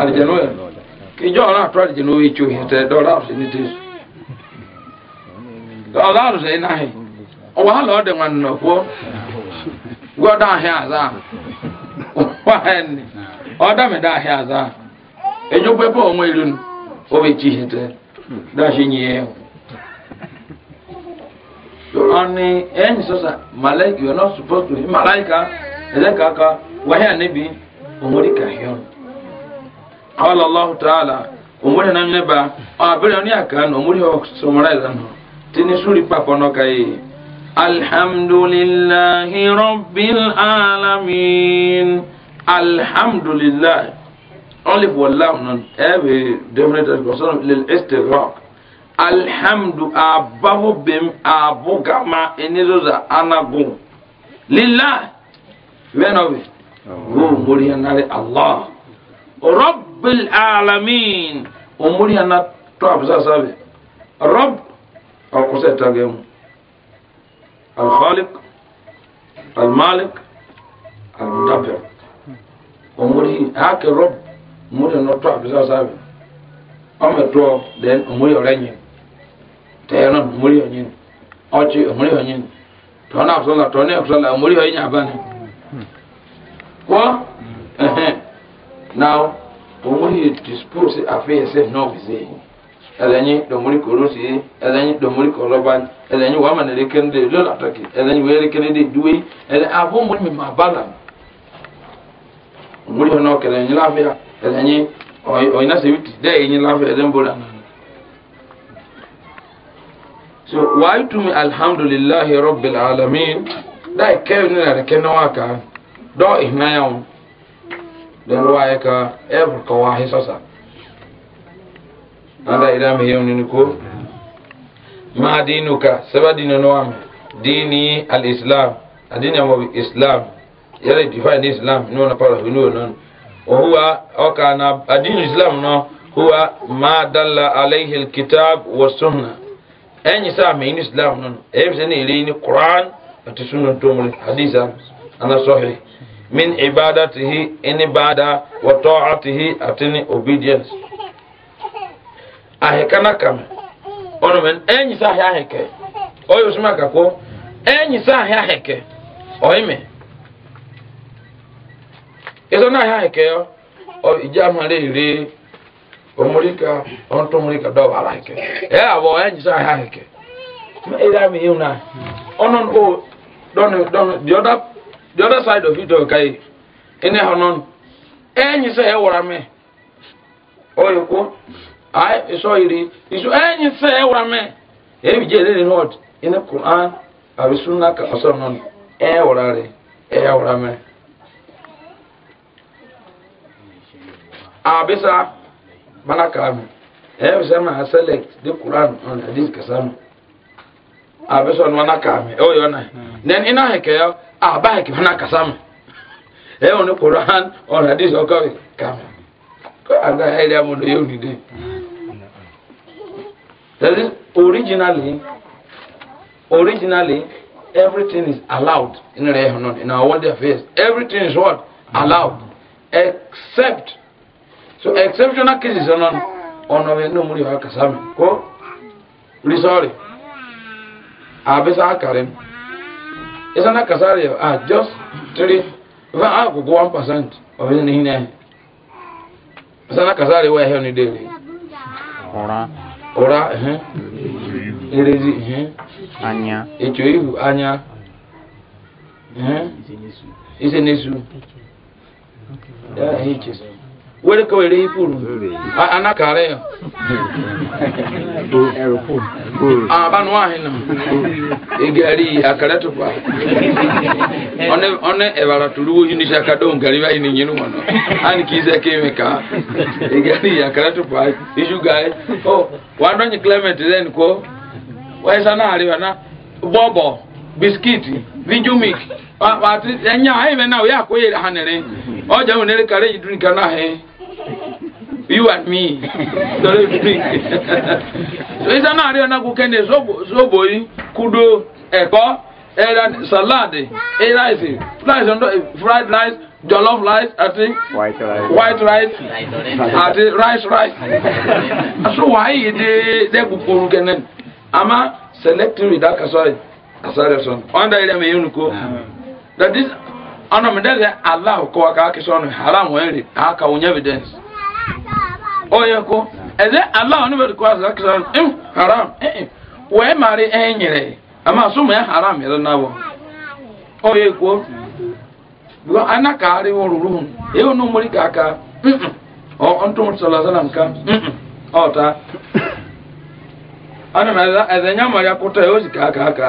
àlìjẹ̀nú ẹ̀ ìjọ ọ̀rọ̀ àtúrọ̀ àlìjẹ̀nú ìtú ìtẹ̀ dọ́là ọ̀sẹ̀ ní tẹ̀sí. ọ̀dà àrùsẹ̀ yìí náà ọ̀wọ́ àlọ́ ọ̀dẹ̀ wọn nọ̀ fọ́ gbọ́dọ̀ àhẹ́ àzá wà hẹ́ ni ọ̀dà mi dá àhẹ́ àzá ẹ̀jọ̀ pé bọ́ ọmọ malaika you are not supposed to malaika قال الله تعالى umuri na neba abere ni aka no umuri ho summarize no tini suri papo no kai alhamdulillahi rabbil alamin alhamdulillah alif wallahu non ebe definite person lil istighraq alhamdu abahu bim abugama enizoza anagu lillah wenobi go umuri na allah rabbil alamin omuri ana to abusa sabe rabb alkusa tage mu alkhaliq almalik almudabbir omuri hake rabb omuri ana to abusa sabe ɔmɛ to then omuri ɔrɛ nyin tɛyɛ no omuri ɔnyin ɔtsi omuri ɔnyin tɔn afɔla tɔn afɔla omuri ɔnyin abani kɔ ɛhɛn now omuli dispose affairs eh, novice ɛlɛnyi dɔmuli korosi ɛlɛnyi dɔmuli kɔlɔban ɛlɛnyi wamani lekene de lɔla tɔki ɛlɛnyi wɛrɛ kene de duwe ɛlɛ abo muli mi ma bala omuli hɔn ɔkɛlɛ nyi lafiya ɛlɛnyi ɔyina sebiti dɛ enyi lafiya ɛlɛ nbola nana so waayi tumi alihamdulilahi rɔbil alamin daa kɛyɔ ni na yɛrɛ kɛ nɔwa kan dɔɔ ihinayawo dɔnku waa yɛ ka ɛfuru ka waa hisɔsa ala yi dama yɛm nini ko maa diinu ka sɛbɛ diinu no wa mɛ diini al islam adiini amobi islam yɛrɛ define islam ni wɔn apara fi ni wɔn nɔn o huwa ɔka na adiini islam nɔ huwa maa dala alayhi al kitab wa sunna ɛnyi saa mɛ ini islam nɔn ɛyɛ bi sɛ ne yɛrɛ yi quran ati sunna tomori hadisa ana sɔhi. min ibadatihi ini bada wa ta'atihi atini obedience ahekana kam ono men enyi sa ahia heke oyo sima kako enyi sa ahia heke oime eso na ahia heke yo o ija ma le re omurika on to murika do wala heke e abo enyi sa ahia heke ma ida mi yuna onon o don don the other the other side of it okay ene honon enyi se ewara me oyoko ai so iri isu enyi se ewara me ebi je le not in the quran abi sunna ka so non ewara re ewara abisa manaka me ebi se select the quran on hadith kasama abeso no na ka me o yo na ina heke yo aba heke na kasa me e onu quran or hadith o ka ka me ko aga hele amudo yo ni de that is originally originally everything is allowed in our in our world affairs everything is what allowed except so exceptional cases onon ono we no muri ha kasa me ko sorry abisa akarin isa na kasar yau a ah, just three van agogo one percent of his nihina isa na kasar yau ya ni dere ora ora ehe erezi ehe anya echo ihu anya ehe ise ya ehe wẹ́rẹ́ kọ́ èrè yìí fòrò anákàárẹ̀ yọ. àbánu àhìn nà ìgàrí àkàrẹ́ tó pa ọ̀nẹ́ ẹ̀bàrà tó lówó yìí ní saka dóhùn gàrí báyìí ní yẹnu wọn á ní kí í sẹ́ kéwìn ká ìgàrí àkàrẹ́ tó pa iṣu gàí ọ wàá dọ́nyìn clement lẹ́nu kọ́ wáyé sá náà àríwá náà bọ́ọ̀bọ̀ bisikíìtì vijumic ẹ̀yìn àhìn mẹ́ta ó yà kó yẹ hànẹ́rẹ́ ọjà òun nílẹ̀ kárẹ́ yìí dùn ní kaná hẹ́ẹ́. <laughs> you and me don't drink so isa náà rí ọ̀nà kúkẹ́ ní zobo yìí kudo ẹ̀kọ́ ẹ̀rọ salad rice rice fried rice jollof rice ati white rice ati rice rice <laughs> so wàá yìí dé dé kúkúrú kẹ́nẹ́ àmà select ìdákasọ́ yìí asọ́rẹ́sọ́ ọ̀ndà ìrẹ́mi yìí nìkó that is ọ̀nà mi dẹ́sẹ̀ aláwọ̀ kọ́ wa ká kí sọ́nù haram wẹ́n rí àkàwọ̀ evidence. oyeko eze ala onu beri kwa haram eh we mari enyere ama so me haram yero nawo oyeko bo anaka ari woruru e onu muri kaka o ontum sallallahu alaihi wasallam ka ota ana na eze ozi ka yozika aka aka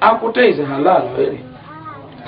akuta is halal really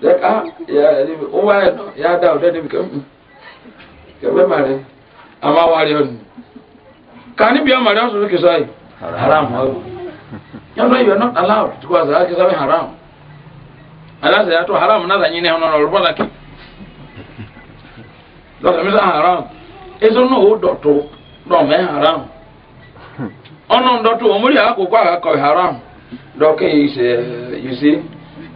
dek ah ya yadi bi o wa ya da o dadi bi kam kam be mare ama wari on kani bi amare o so ke sai haram ho you know you are not allowed to go as a ke sai haram ala sai to haram na da nyine hono no rubo laki do ka mi sa haram eso no o do to do me haram ono ndo to akụkụ muri akoko akako haram dọkị ke you see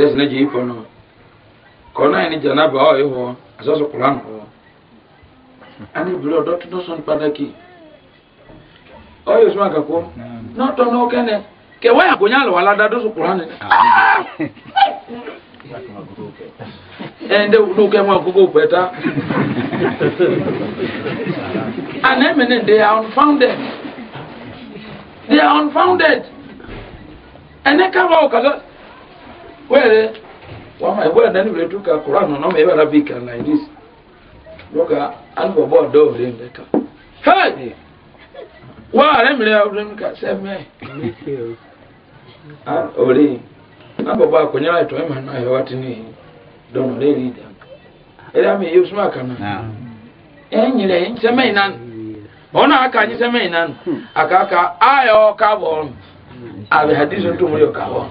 dɛsɛ ne jii pɔnɔ kɔnɔ yi ni janaba ah. ɔ yi hɔ asɔsɔ kuran hɔ ani bila ɔdɔ tó sɔn padàkì ɔ yi suma kakɔ n'ɔtɔ n'o kɛnɛ kɛ wɔyà kò nyalò wà ládàá dɔsɔ kuran ni ɛ ndé n'o kɛ mu agogo bɛta and I mean they are unfounded they are unfounded ɛnɛ kaba o kasa. were wama ebwe na ni bletu ka Quran no me bara bika like this loka albo bo do re ndeka hey wa re mire abdum ka seme an ori abo ba kunyala to ema na yo watini don le leader era me aka aka aka ka ka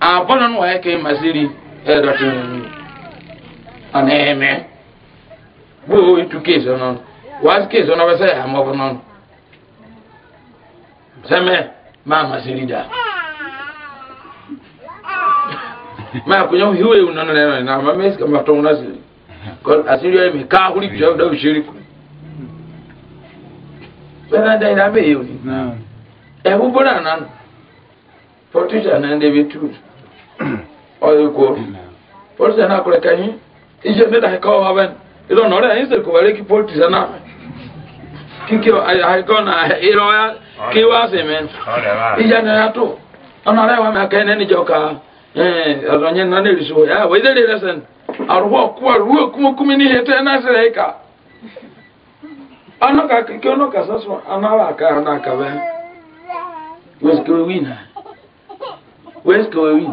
abɔnɔ no wɔyɛ kɛ masiri ɛdɔtɔ nínú ɔnà ɛmɛ gbogbo etu kéésì ɔnɔ wáásì kéésì ɔnɔ bɛsɛ amɔbɔ nɔ sɛmɛ máa masiri dà máa kò nyɛwò hiwé wò nánà ɛnà ɛnà àmà mɛsì kàmà tó ŋunà siri kò asiri yɛ mi káhuri bìtɛ ɔdɔ òsiri kù bɛnɛ dɛyìn náà bɛ yé wò ni ɛwú bọ́dà nánu fɔtúnṣà náà ɛdɛ bɛ túwò ọ̀yọ̀kọ̀ polisi náà kọ̀rọ̀ kẹ́yìn iṣẹ́ ní dàkẹ́ ọ̀hún abẹ́ni ìdọ̀nà ọ̀rẹ́ yẹn sèkò wẹ̀rẹ́ kí polisi náà kíkẹ́ àyíkọ́ náà ìrọ̀ ya kí wá sí mi iṣẹ́ ní ọ̀yà ọ̀nà ọ̀rẹ́ wa mi ní ẹnìjọ ká ọ̀dọ̀ yẹn náà ní ìrìsò yà wọ́n ìdẹ́ rẹ̀ sẹ́n àrùwọ̀ kú náà sì rẹ̀ kà náà.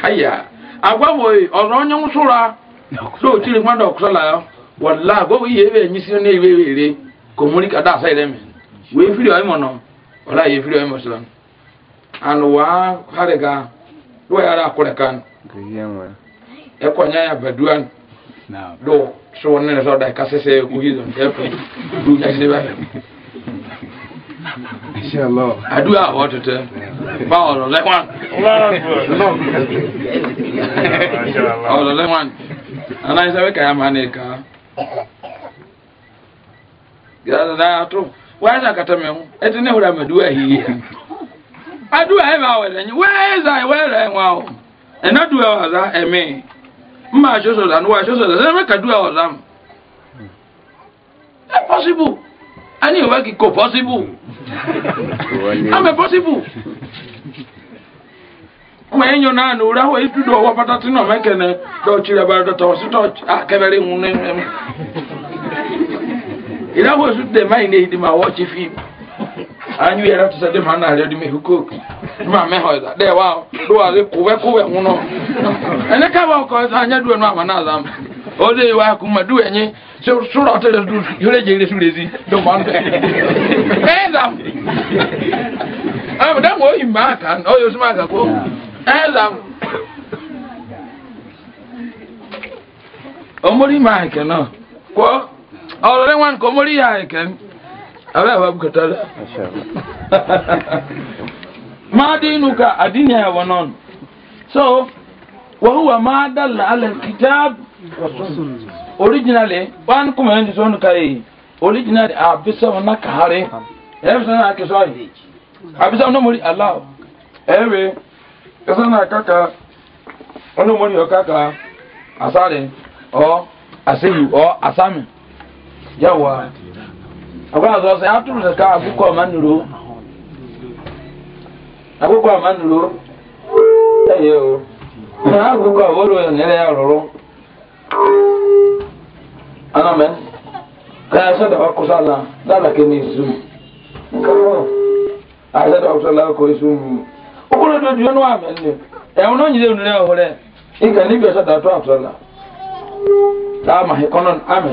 haya agwa moyi ọzọ onye nwụsụra do tiri mmadụ ọkụsala ya wala agwa ihe ebe enyi si na ewe ere ka omori ka da asa ire mi wee firi ọyị mọ nọ ọla ya efiri ọyị mọ sịla anụ wa hari ga do ya ara akwụrụ ka ẹkọ nya ya badua do sọ wọn nene sọ da ẹka sẹsẹ ẹkọ yizọ ẹkọ du ya ṣe báyìí. <laughs> Inshallah. I do have water too. Paul, let one. No. Paul, let one. And I said, okay, I'm an acre. Gaza na atụ. Wee na kata mmewu. Eti ne hụrụ amedu ehi ihe. Adu ehi ma awere enyi. Wee za wee i nwa o. Ena du ewa za eme. Mma ashoso da nwa ashoso da. Zeme ka du ewa za m. Impossible. a ní ìwé possible kò pọ́síbù àmì pọ́síbù kuma enyo naanị ụra ahụ etu dị ọwa patati nọ mekene akebere ah, na ma wọchị anyu yɛrɛ tɛ sɛ de ma n'ale de mi ko ma mɛ hɔ ɛza dɛ wa do wa de kowɛ kowɛ ŋunɔ ɛnɛ ka b'aw kɔ sisan an yɛ duwɛ n'o ma o de wa kuma duwɛ nye sɔrɔ tɛ de du yɔrɔ jeli de su de si do ma n ɛ zam ɛ dɛ mɔ yi ma kan o yɛ suma kan ko ɛ o mori ma kɛ nɔ ɔlɔdi wani mori y'a kɛ. ala wa bukatala <laughs> ma dinuka adini ya wanon so wa huwa ma dalla ala alkitab originally wan kuma yanzu sonu kai e. originally a bisa wannan kahare yafi sana ke so yi a bisa wannan muri allah ewe kasa e na kaka wannan muri o kaka asare o aseyu o asami yawa akwai azọ sị atụrụ sị akwụkwọ ọma nuru akwụkwọ ọma nuru o nyere ya rụrụ ka ya sọ dọba kụsa ala dala ke na isu ala mu dị ojú ọnụ amị nne ẹwọn náà ọhụrụ ịga n'ibi ọsọ dọtọ atọ ala ka ama hekọnọ amị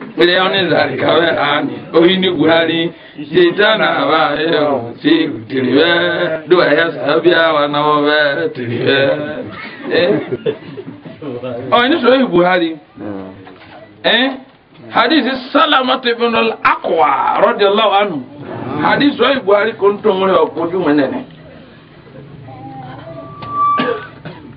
milioni za likawe ani ohini buhari sitana abayo e, siku tiliwe dua ya sabia wanawo be oh oyini so yi buhari eh e? e? hadisi salamat ibn al aqwa anhu buhari menene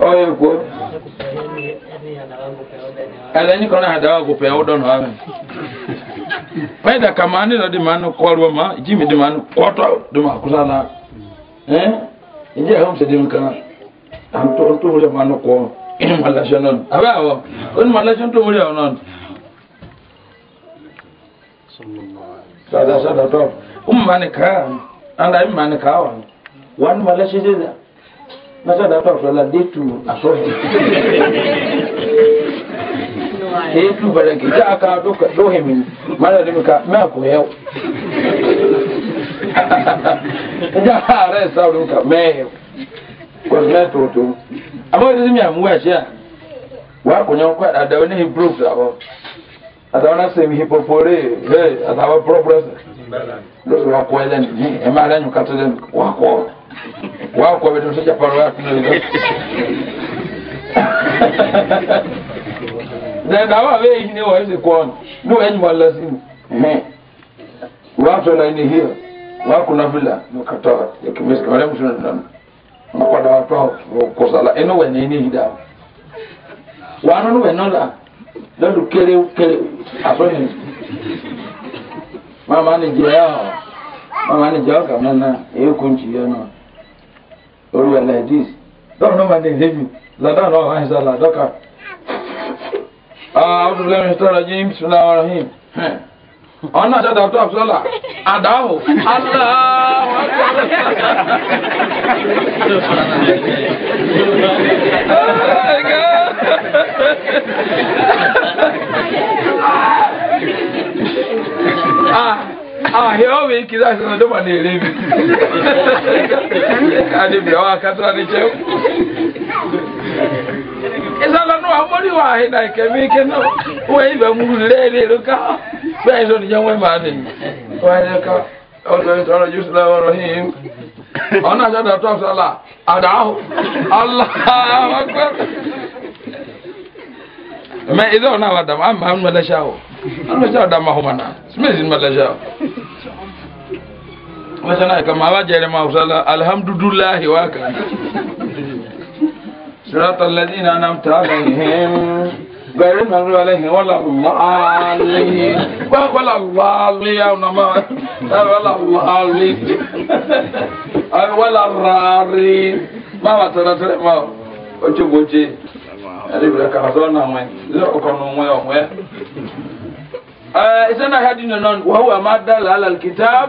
oye ko ala ni kona hada wa gupe odo no ame <laughs> paida kama ni rodi manu kwalwa ma jimi de manu kwato de ma kusana eh inje hom se dim kana am to to le manu ko in mala shonon aba wa on mala shon to muri onon sada sada to um mani ka anda im mani ka wa wan mala shi da Nasa da kwa fela day two asofi. Day two bara ke ja aka doka dohe min mara da mika ma ko yau. Ja ara sa do ka me. Ko na to to. Abo ni mi amu asia. Wa ko nyon kwa da da ne improve da ho. Adawana semi hipopore, hey, adawa progress. losi wakuwezeni emala enyu katuzeni wakoba wakobere musajja palo yatuneza zendawo abeihi newaweze kuona niwenyu mwalazimu watolaini hiyo wakunavila nikatoa yakimiska wale msunenana makwada watwa kusala eno wenyeinihi dawo wanono wenola lolukere kere asoneni mama ni jẹ ọ mama ni jẹ ọ kàmá náà èyí kò ń tì yẹn nù orí ẹ like this dọ́kun náà máa ní ìhẹ́mi lọ́dọ̀ náà wà ní sàlà dọ́kà. ọdún lẹ́nu sọ́ra jí bisimilá wa rahim ọ̀n náà ṣẹ̀dá tó àbúsọ́là àdáhù aláwọ̀ ẹ̀ka. ahịa ọ bụ ikiri asị na ma na-ere ebe adịbịa ọ akatara n'iche ịsala nụ amori wa ahịa na ike ebe ike nọ ibe m ka nwee ma adị wee ka ọdụ ịsọ ọrụ jụ sịla ọrụ hi ọ na-achọ na ada ahụ mɛ dama dama na smith wasana kama wajere mausala alhamdulillahi waka صراط الذين أنعمت عليهم غير المغضوب عليهم ولا الضالين ولا الضالين ولا الضالين ولا الضالين ما ترى ترى ما وجه وجه أريد لك أخذونا من لأكون ويوم آه، إذا هذه نون وهو ما دل على الكتاب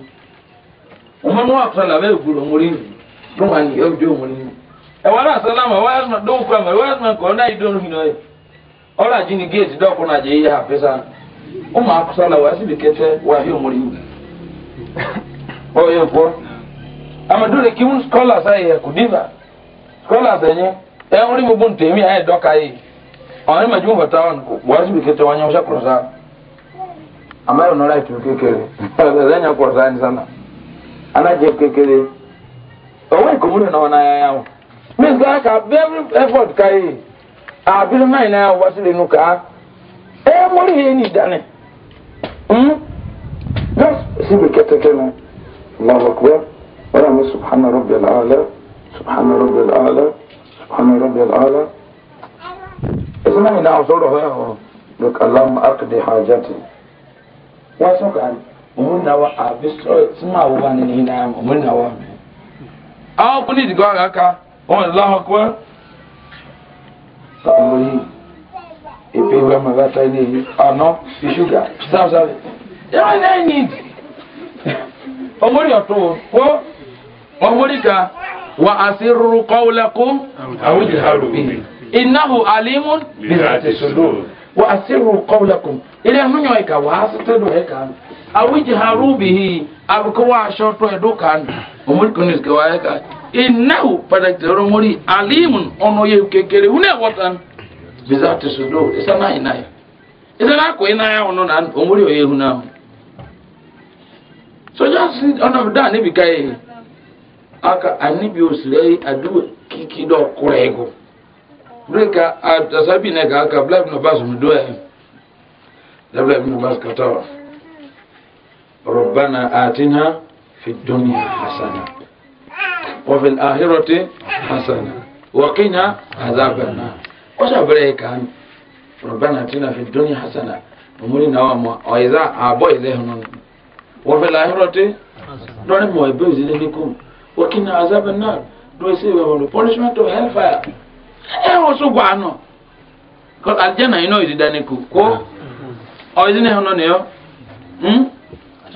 ọmọ nù àtàlà bẹ́ẹ̀ gbòòrò wọn rí nù ló wà ní ọjọ́ wọn rí nù. ẹ̀wọ̀n náà sálámà wọ́n yàtọ̀ dóhùn kọ́ àmọ́ wọ́n yàtọ̀ ọ̀nà ìdóhùn hìn náà ọ̀rọ̀ àjí ni géètì dọ́ọ̀kọ́ náà jẹ́ yíyá àfẹ́sà ọmọ akọ́sọ́lá wà síbi kẹtẹ wà hí ọmọ rí nù. ọ̀yẹ̀ fọ́ amadure kí wọ́n skọ́là sáyẹ̀ kùdìbà skọ́là sẹ́yìn ẹ̀ ń rí gbogbo ntẹ̀mí ayé dọ́ka yìí ọ̀rẹ́ mẹ́jọ́ fọ̀tà wọn wà síbi kẹtẹ wọn yẹn wọ́n ṣàkóso àmọ́ ẹ̀ ọ̀nà ọ̀rẹ́ ìtùkẹ́kẹ́ rẹ̀ ẹ̀ ẹ̀ anagye kekere ɔwɔ ekomu na ɔna yaya o miss gaka very effort ka yi abiri nan na wa sile nu ka ɛyɛ mɔri yɛ ni dani hmm just si bi kɛtɛkɛ na allahu akbar wala mi subhana rabbi al'ala subhana rabbi al'ala subhana rabbi al'ala ɛsɛ naa yi na ɔsɔrɔ hɔ yɛ hɔ lɔk alam akadi hajati wa sɔ kaani. ọmụ na wa abịsọ sịma awụwa na ihe na ama ọmụ na wa mee akwụkwọ ndị dịgọ agha aka ọmụ na lahọ kwa ọmụ yi ebe iwe ma bata na ehi anọ shuga sam sam ya e na enyi ọmụ yi ọtụ kwọ ọmụ ka wa asịrụrụ kọwụlakụ awụ ha rubi innahu alimun bi zati sudur wa asirru qawlakum ila hunyo ka wa asatu do ka awijiharu bihi abuka wa shoto e dukan umul kunis ka waye ka innahu padak zero muri alimun ono ye kekere hune watan bizati sudo isana inai isana ko inai ono na umuri oye huna so just ono da ni bi kai aka anibi osire adu kiki do kurego reka atasabi ne ka aka blab no basu mdoe blab no basu katawa ربنا آتنا في الدنيا حسنة وفي الآخرة حسنة وقنا عذاب النار وشابريك عن ربنا آتنا في الدنيا حسنة ومولينا وما وإذا أبوي ذهنون وفي الآخرة دون ما يبوز لكم وقنا عذاب النار do say we will punishment of hellfire ẹ wọ́n so gba ano because aljanna yìí náà yìí ti dání kú kó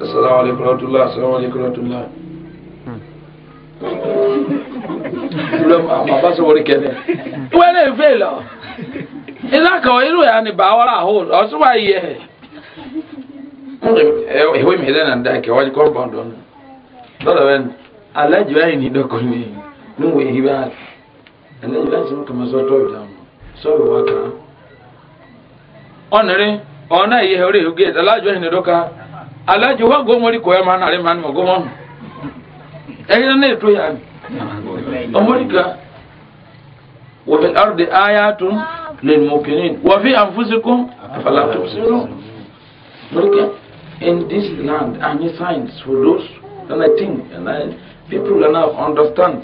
السلام عليكم ورحمة الله السلام عليكم ورحمة الله problem àmà bá awara wọlé kẹlẹ wẹlé ìfẹ lọ ìlàkọ irú ẹ ni bàwọlá hó ọsùnwà yẹ ìwé mi lẹ́nà dá kẹ wájú kọ́ bọ̀ dọ́nù lọ́dọ̀ bẹ́ẹ̀ ni alájì báyìí ní dọ́kọ̀ ni níwèé yìí bá alaji wa gomori ko ya mana re man mo gomo ayi ne to ya omori ka wa fil ardi ayatun lil muqinin wa fi anfusikum afala tubsirun Morika. in this land any signs for those and i think and I, people are now understand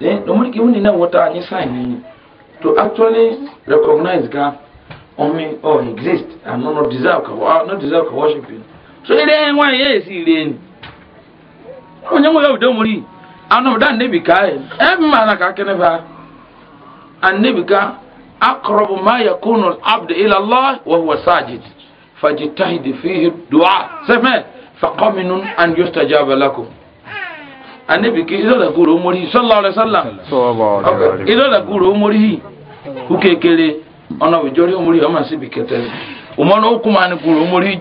then eh, omori ki woni na water any sign to actually recognize God only me oh, or exist and not deserve ah, not deserve worshiping so ere ya nwaanyị ya esi ire enyi onye nwe ya obido mụrụ anụ da nnebika ebe ma na ka akeneba annebika akọrọbụ ma ya kunu abdu ila allah wa huwa sajid fajitahid fihi du'a sẹfẹ faqaminu an yustajaba lakum annebika idola guru omori sallallahu alaihi wasallam idola guru omori hukekere ọ̀nà òjòrí omori ọmọ síbi kẹtẹrẹ òmọ́nà ó ni ma ní guru omori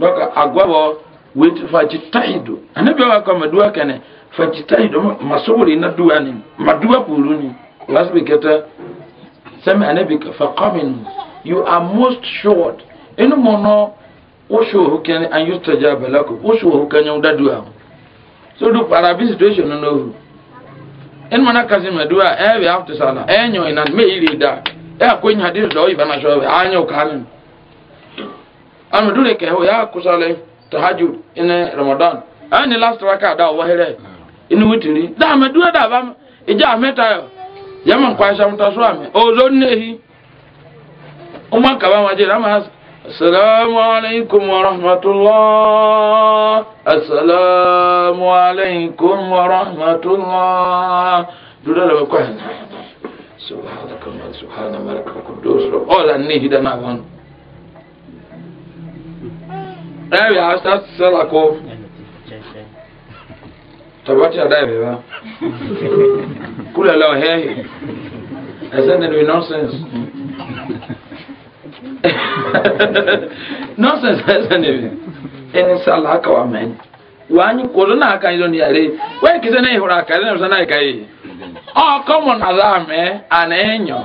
dɔka agwabɔ weti fajitahidu anabi awa ka maduwa kɛnɛ fajitahidu masowori na duwa ni maduwa puuru ni last week anabi ka fa you are most short inu mɔnɔ wosu ohu and you staja abalako wosu ohu kɛnɛ da so do parabi situation no no inu mɔnɔ kasi maduwa ɛɛ bi after sala ɛɛ nyɔ ina mɛ yi ri da ɛɛ ko nyi hadi sɔ yi bana sɔ ama dure ke ho ya kusale tahajjud ina ramadan ani last raka da wa here inu witiri da ma dure da ba ija meta yo yama kwa sha mta so ame o zo nehi umma ka ba ma je rama assalamu alaikum wa rahmatullah assalamu alaikum wa rahmatullah dure da ba kwa subhanaka subhana malaka kudus ola nehi da na wan Davi a sa sala ko. Tabati a davi ba. Kula lao hey. Isn't it nonsense? nonsense isn't it? Any sala ka wa men. kolo na aka izo ni are. Wai kise na ihura ka na sana aka yi. Oh come on azam eh an enyo.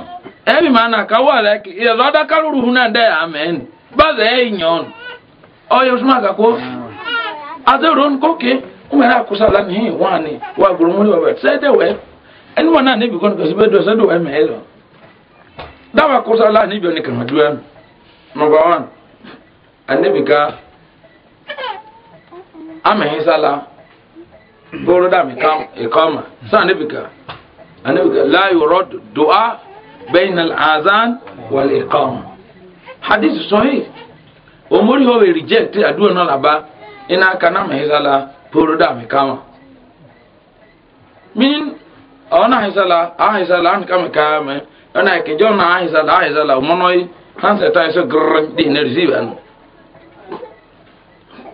Ebi mana ka wa like. Ye loda kaluru huna amen. Ba ze enyon. oyo usumaga ko ah, adoron koke umera kusala ni wani wa gurumuri wa sede we eni wana ne bi kono kasibe do sede we melo dawa kusala ni bi onika maduwa number 1 anabi ka amehin sala boro da mi kam ikoma e sa anabi ka anabi ka la yurad du'a بين الآذان والإقامة حديث صحيح omori ho we reject aduwa no laba ina aka na mahizala poro da mi kama min ona hizala a hizala an kama kama ona ke jona a hizala a hizala monoi hansa ta so grr di ne receive an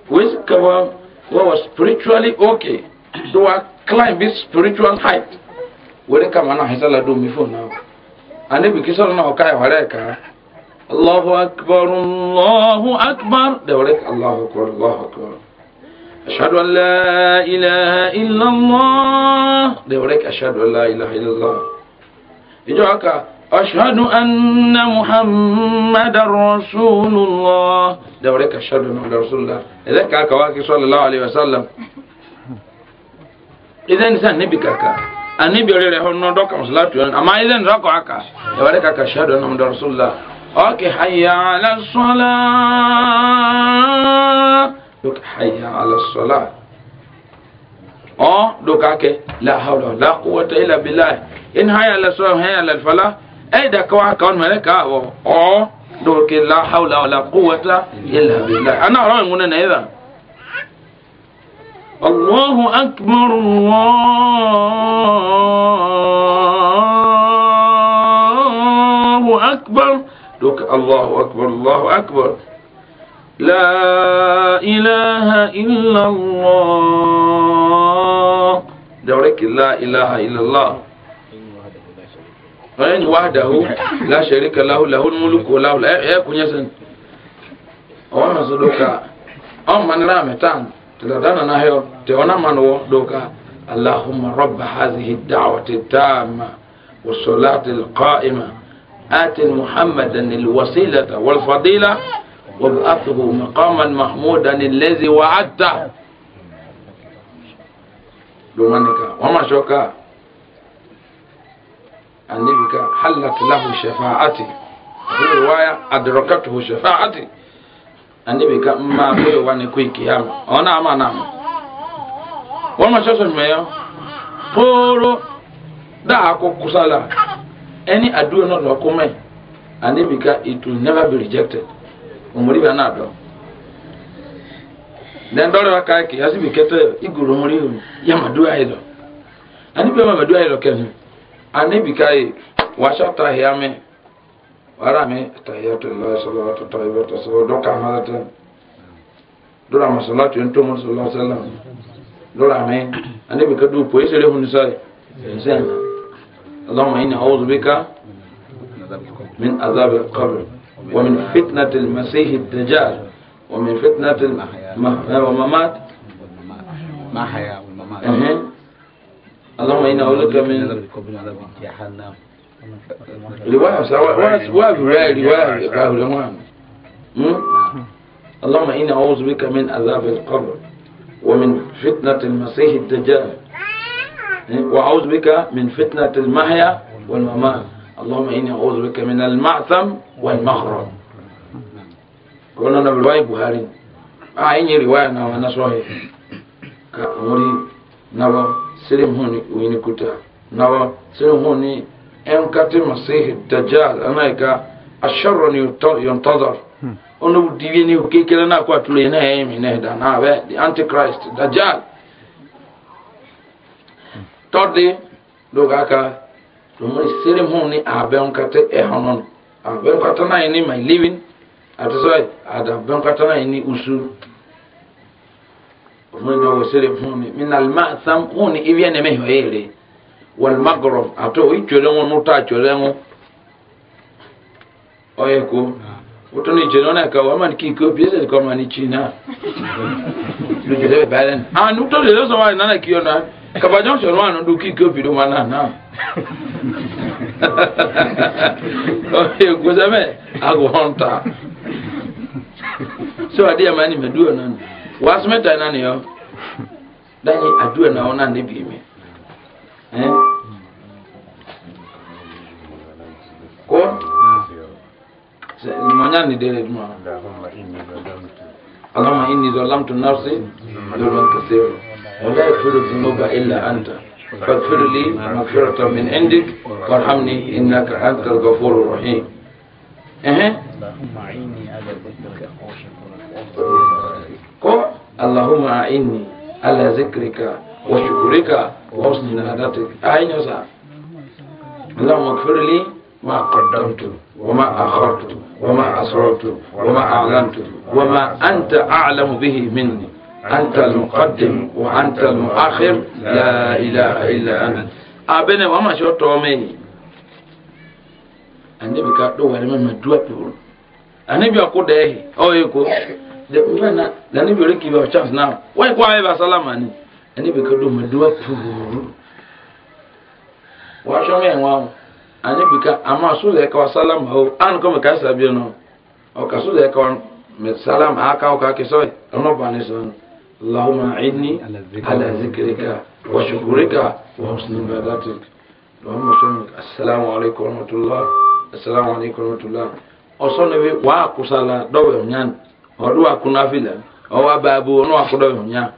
which cover was spiritually okay do I climb this spiritual height wore kama na hizala do mi fo na ane bi kisoro na okai hore ka الله أكبر الله أكبر دورك الله أكبر الله أكبر أشهد أن لا إله إلا الله دورك أشهد أن لا إله إلا الله إجاك أشهد أن محمد رسول الله دورك أشهد أن محمد رسول الله إذا كاك واكي صلى الله عليه وسلم إذا إنسان نبي كاكا النبي يقول لك أنا دوك مسلاتي أما إذا راكو أكا دورك أشهد أن محمد رسول الله اوكي حي على الصلاة دوك حي على الصلاة اه دوك اكي لا حول ولا قوة الا بالله ان حي على الصلاة حي على الفلاح اي دا كوا كون ملكا اه دوك لا حول ولا قوة الا بالله انا راي من هنا الله اكبر الله اكبر لك الله أكبر الله أكبر لا إله إلا الله دورك لا إله إلا الله أين وحده لا شريك له له الملك وله لا يكون يسن وانا صدوكا أم من رامتان تلدانا نهيو تيونا من وحدوكا اللهم رب هذه الدعوة التامة والصلاة القائمة آت محمدا الوسيلة والفضيلة وابعثه مقاما محمودا الذي وعدته دومانكا وما شوكا النبي حلت له شفاعتي في رواية أدركته شفاعتي النبي ما هو واني كوي كيام أنا ما نام نعم. وما شوكا ميو فورو دا أكو كسالا any adu no no come and it because it will never be rejected umuri ba na do then do ra ka iguru ya madu do ma madu ayo ken ani bi kai wa ya me wara me tahiyatu lillahi sallallahu alaihi wa sallam do ka ma ta do ra masallatu do ra me ka du po isere hun sai اللهم إني أعوذ بك من عذاب القبر ومن فتنة المسيح الدجال ومن فتنة المحيا والممات حياة والممات اللهم إني أعوذ بك من رواية رواية رواية رواية اللهم إني أعوذ بك من عذاب القبر ومن فتنة المسيح الدجال وأعوذ بك من فتنة المحيا والممات اللهم إني أعوذ بك من المعثم والمخرم قلنا أنا برواية بوهاري آه إني رواية نعم، أنا وأنا صاحي كأموري نوا نعم، سلم هوني ويني كتا نوا نعم، سلم هوني أم كاتي مسيح الدجال أنا إكا الشر ينتظر أنا ديني وكي كلا ناكوا تلوينا هيمي نهدا نابا دي أنتي كرايست دجال tɔdi do kaka tuma sere mu ni abɛn kata ɛhɔnɔ no abɛn kata ni my living ati sɛ ada abɛn kata ni usu tuma sere ni ni ibi ɛna mɛhɛ ato oyi twere ŋo no ta twere ŋo ɔyɛ ko na ka wɔn ma kii ko kyi na lu jɛ bɛ bɛrɛ ni a nu tɔ de sɛ sɔ wa nana kaba junction one ọdún kíkẹ́ òbí ló máa náà náà ọ̀hìn ògbósẹ́mẹ̀ àgọ̀ họ́ńtà sọ adé yàrá ni mẹ́dúwà náà nù wàá sọ́mẹ́ta náà nìyọ́ dáyé àdúrà náà wọn náà níbi mi kó mọ̀nyá ni délé dùn alama inni zọlámtu nafsi lọ́wọ́ kẹsẹ́ rẹ̀. ولا يغفر الذنوب إلا أنت فاغفر لي مغفرة من عندك وارحمني إنك أنت الغفور الرحيم أه. اللهم أعني على ذكرك وشكرك وحسن عبادتك أين يسعى اللهم اغفر لي ما قدمت وما أخرت وما أسررت وما أعلنت وما أنت أعلم به مني أنت المقدم وأنت المؤخر لا إله إلا أنت أبنى وما شو تومي النبي كاتو ولما مدوا بيقول النبي أقول ده أو يكو لأن النبي يقول كيف أشوف نعم ويكو أيه بسلام أني النبي كاتو مدوا بيقول وأشوف مين واو النبي كا أما سولة كوا سلام هو أنا كم كاسر بينه أو كاسولة كوا سلام هاكا أو كاكسوي أنا بانيسون اللهم أعني على ذكرك وشكرك وحسن عبادتك اللهم صل السلام عليكم ورحمة الله السلام عليكم ورحمة الله ọsọni bi wa akusala dɔwɛ nyan ɔdu akunafila ɔwa baabu ɔnu akudɔwɛ nyan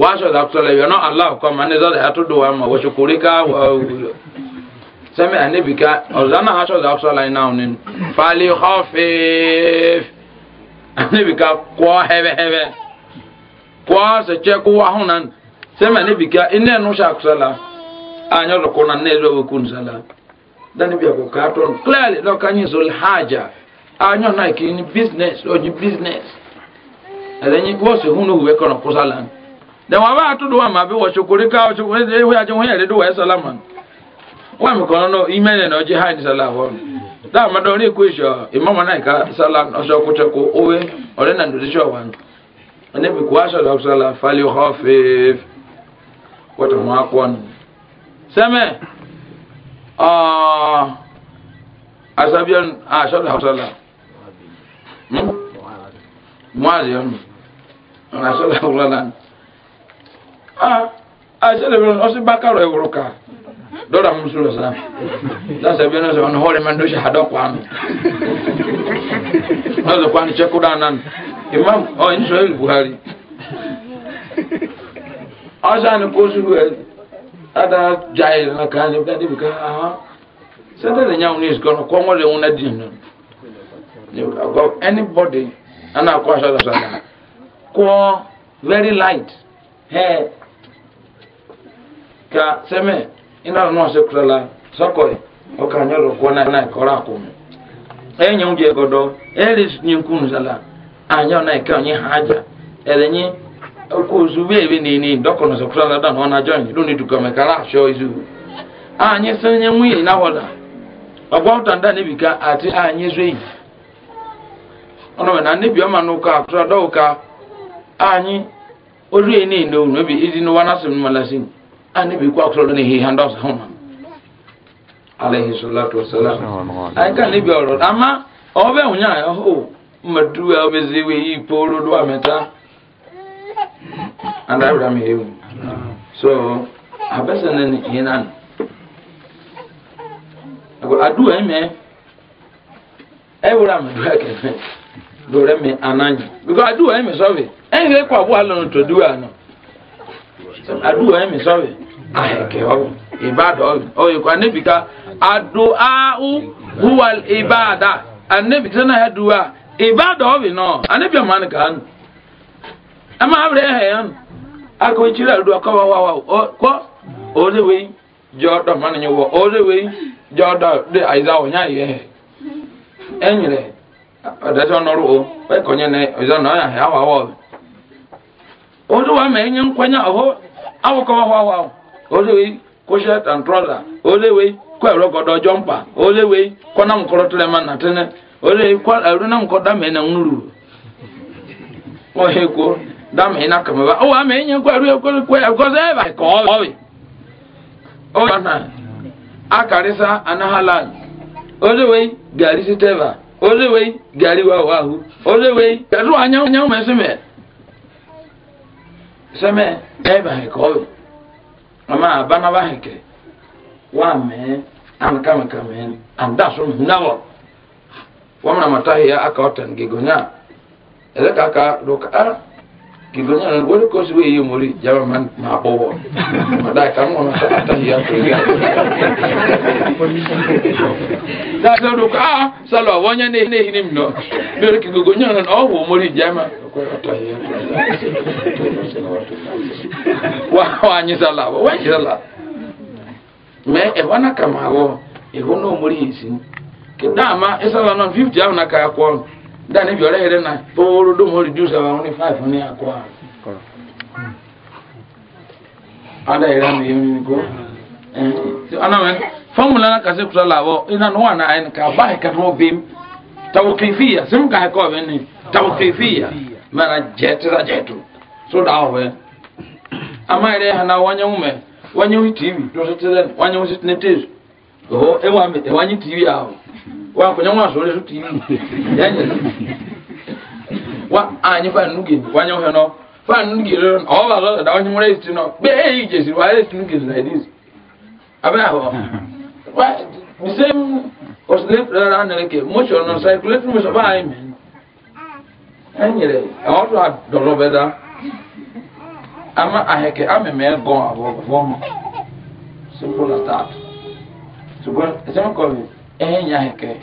wa asɔdɔ akusala yɛ ɔnɔ alahu kɔma ne zɔlɔ yatu do wa ma wɔsokori ka sɛmɛ anabika ɔzana asɔdɔ akusala yɛ naw ninu fali xɔfeef anabika kɔ hɛbɛhɛbɛ. kwa se che ku wa hunan se ma ne bika inne no sha kusala anyo ro kona ne zo kun sala dan bi ko ka ton clearly lo kanyi zul haja anyo na ki ni business o ni business adanyi ko se hunu we kono kusala dan wa ba to do ma bi ka o shukuri de hu ya je hu salama wa mi kono no imene no jihad sallallahu alaihi wasallam da ma do ni ku sho imama na ka owe wa anabi kuwasha da sala fali khafif wata ma kwon same ah asabiyan a shada sala muaziyan hmm? na shada sala ah asele bi o si bakaro e wuruka dora musuro sa da sabiyan na so on hore man do shahada kwami na zo kwani chekuda imam ọ ní sọ buhari ọsàn ni ada jai na kan ni bíkà níbi kan ahọ́n sẹ́ńtẹ̀ ní nyàwó ní ìsìkọ́nù kọ́ wọ́n lè wọ́n náà dì nù anybody very light hair ka seme ina ló náà ṣe kúrò la sọ́kọ̀ ẹ̀ ọkà anya na eke onye ha aja elenye okozu bebe na ni doko no sokra na dan ona join lu ni izu anya na hola ogwa utanda ne ka ati anya zwe ono na ne bi o ma no ka akra do ka anyi oru eni ndo no bi idi wana bi kwa akra do ne hi ka ne bi ama matu abeziwe hii polo do ameta and abra eh, me hewu so abesa ne ne hinan ago adu eme ewura me do akene eh, do re me ananyi because eh, adu eme so we enwe kwa bu alo no to do ano adu eme so we aheke o ibada o yekwa nebika adu a u huwa al ibada annabi tana ah. haduwa ibada nọ. no anebia man kan ama abre he ya ako chira do ko wa wa ko ole we jo do man nyu wo ole we jo do de enyere adajo no o ya ha enye nye nkwanya oho awo ko wa wa ole we na mkoro tele na tene ole kwa na nko na nuru o he ko na kama ba o ame nya kwa ru ko ko ko ze ba ko o o na akarisa ana halal we gari siteva ole we gari wa wa hu we anya anya me se me se me e ba ko ama bana ba wa me kama kama na wamna matahiya aka watan gigonya ele ka ka doka a ah, gigonya na wole ko suwe yi muri jama man ma bobo <laughs> mada ka mo na ta tahiya to ya da da doka a ah, salo wonya ne ne hinim no do ki gigonya na o oh, wo muri jama ko tahiya wa wa nyi sala wa nyi sala me e wana kama wo e hono muri isin Kedama, esala non fifty awo na kaya kɔ da ne bi ɔlɛ yɛrɛ na owó do mo reduce awo ni five ni akɔ ada yɛrɛ mi yɛ mi ko ɛɛ ana mɛ e, fɔmula na kase kusa la awɔ ina no wana ayi ka ba yi ka tɔmɔ bim tawo kefi ya sim ka yi kɔ bɛ ni tawo kefi ya mana jɛ tira jɛ to so da awɔ bɛ ama yɛrɛ hana wanyɛwu mɛ wanyɛwu tiivi dɔsɛ tɛ dɛ wanyɛwu sɛ tɛ ne te o ewa mi ewa nyi tiivi awɔ. wakunyamwa sore su tini yanyi wa anyi ah, fa nuge wanyo heno fa nuge ron o ba oh, lo da wanyi mure isti no be e je si wa isti nuge like this abe ho wa the same was left around like eh, motion on circulatory motion ba ai men anyere o to a ama aheke go abo simple as that so go enyahike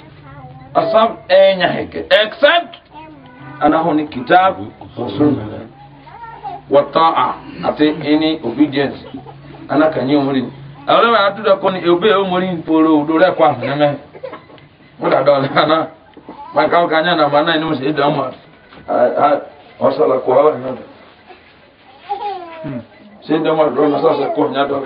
asab enyahike except anahoni kitab wa sunna wa ta'a ati ini obedience anaka omuri awole wa atuda koni omuri poro do kwa neme muda na na ni mo hmm. se do osala ko hawa na se ma do na sa se ko do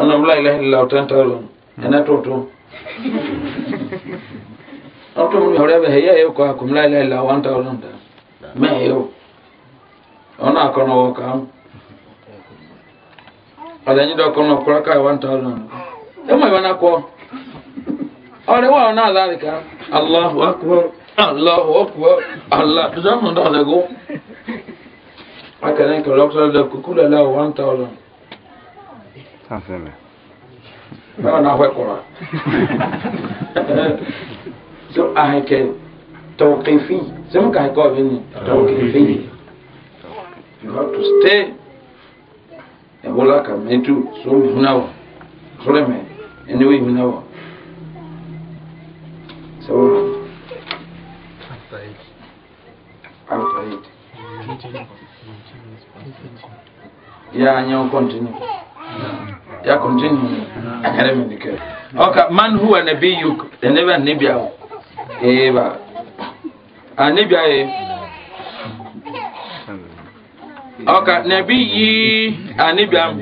ana mla ilaha illa ten thousand ene toto auto mu hore be heya yo ko akum la ilaha illa one thousand me yo ona kono ka ala nyi do kono kura ka one e mo ko ore wa ona allahu akbar allahu akbar allah da kukula Sa feme. Mwen an a fwe kola. So a heken, tawke fi. Se mwen ka heko a veni, tawke fi. You have to stay. E wola ka meni tou, sou mwen awa. Sou leme, eni we mwen awa. Se wola. A wota iti. A wota iti. Ya, a nyan kontinu. ya continue academic okay man who an be you never nibia eba anibia e okay nabiyyi anibia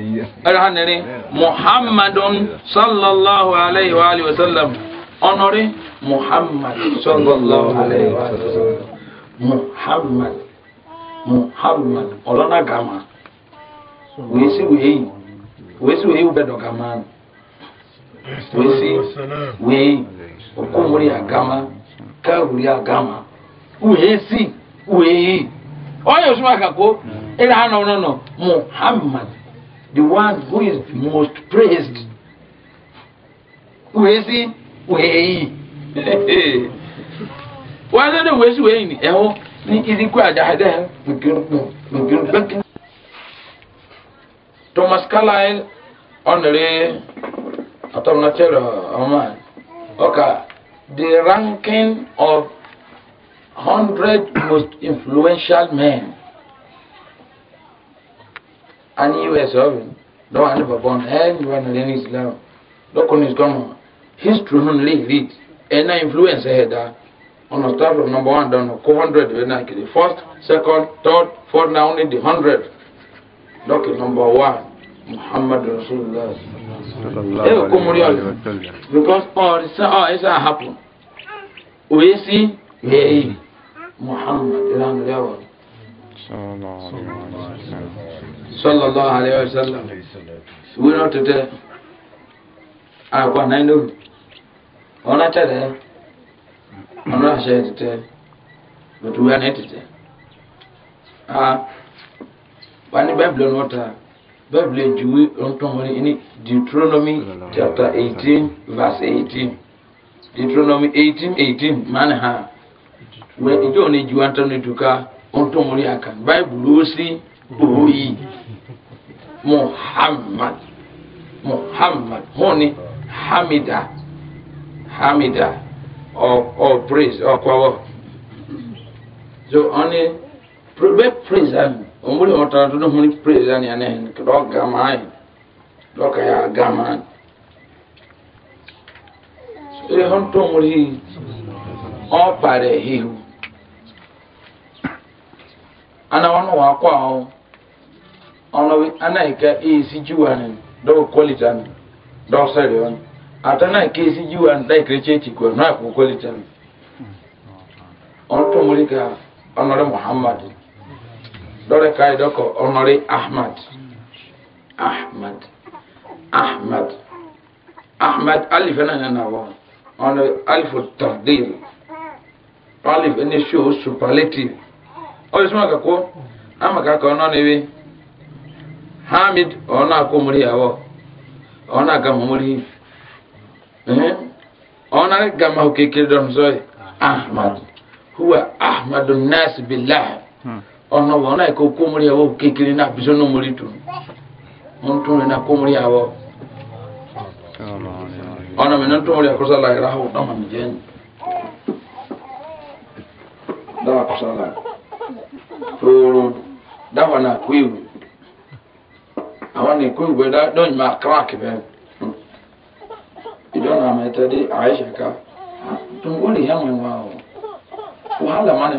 alhanere muhammadun sallallahu alaihi wa alihi wa sallam honore muhammad sallallahu alaihi wa sallam muhammad muhammad olona gama we see we wesi wei wobɛdɔ gama wesi wei okomori agama kauri agama wesi wei ɔyɛ osuma kako ɛna ano no no muhammad the one who is most praised wesi wei wazɛ de wesi wei ni ɛho ni idi kura dahadɛ mekirikpɛ mekirikpɛ. Thomas Carlyle onere atomnachero Oman. Okay. The ranking of 100 most influential men. And you were serving. Don't have never born anyone in Islam. No one his government. History only reads. And influence ahead ah. on the top of number one down to 400. First, second, third, fourth, now only the 100. donc number one muhammad rasulillah ewe kumuri ọlọ because ọ ṣe ọ ẹ ṣe àhapọ òye sí yẹyì muhammad ìlànà lẹwọ. sallallahu alayhi wa sallam sugu náà tètè àgbà náà lóbi ọ̀nà tẹ̀lé ọ̀nà àṣẹ tètè bàtú wíwá náà tètè. wani bible no ta bible juwe ntɔnwere ini deuteronomy chapter eighteen verse eighteen deuteronomy eighteen eighteen mane ha wɛ ɛdi wɔn ejuwa ntɔn ne duka ntɔnwere aka bible osi oyi muhammad muhammad hɔn hamida hamida ɔ ɔ praise ɔkɔwɔ so ɔne bɛ praise am. Um, omuli otatu no muli praise ni anen kdo gamai do ka ya gaman e hon to muli o pare ana ọnụ wa kwa ana e si juwan do quality an sari on atana ke si juwan dai kreche ti ko na to nwere ka onore muhammad dore kai doko ahmad ahmad ahmad ahmad alif na na wo ono alif tafdil alif ni show o isma ka ko ama ka ko non ewe hamid ona ko don zoe ah. ahmad huwa ahmadun nas billah hmm. ọ̀nà wọn náà kó kómúrí ẹ̀wọ̀ kékeré náà bí sọ́nà mórí tù mú tún rẹ̀ náà kómúrí ẹ̀wọ̀ ọ̀nà mi náà tún rẹ̀ kó sálà ìrà hù náà màmí jẹ́ yìí dáwà kó sálà oorun dáwà náà kó ìwù àwọn ní kó máa bẹ́ẹ̀ ìjọ náà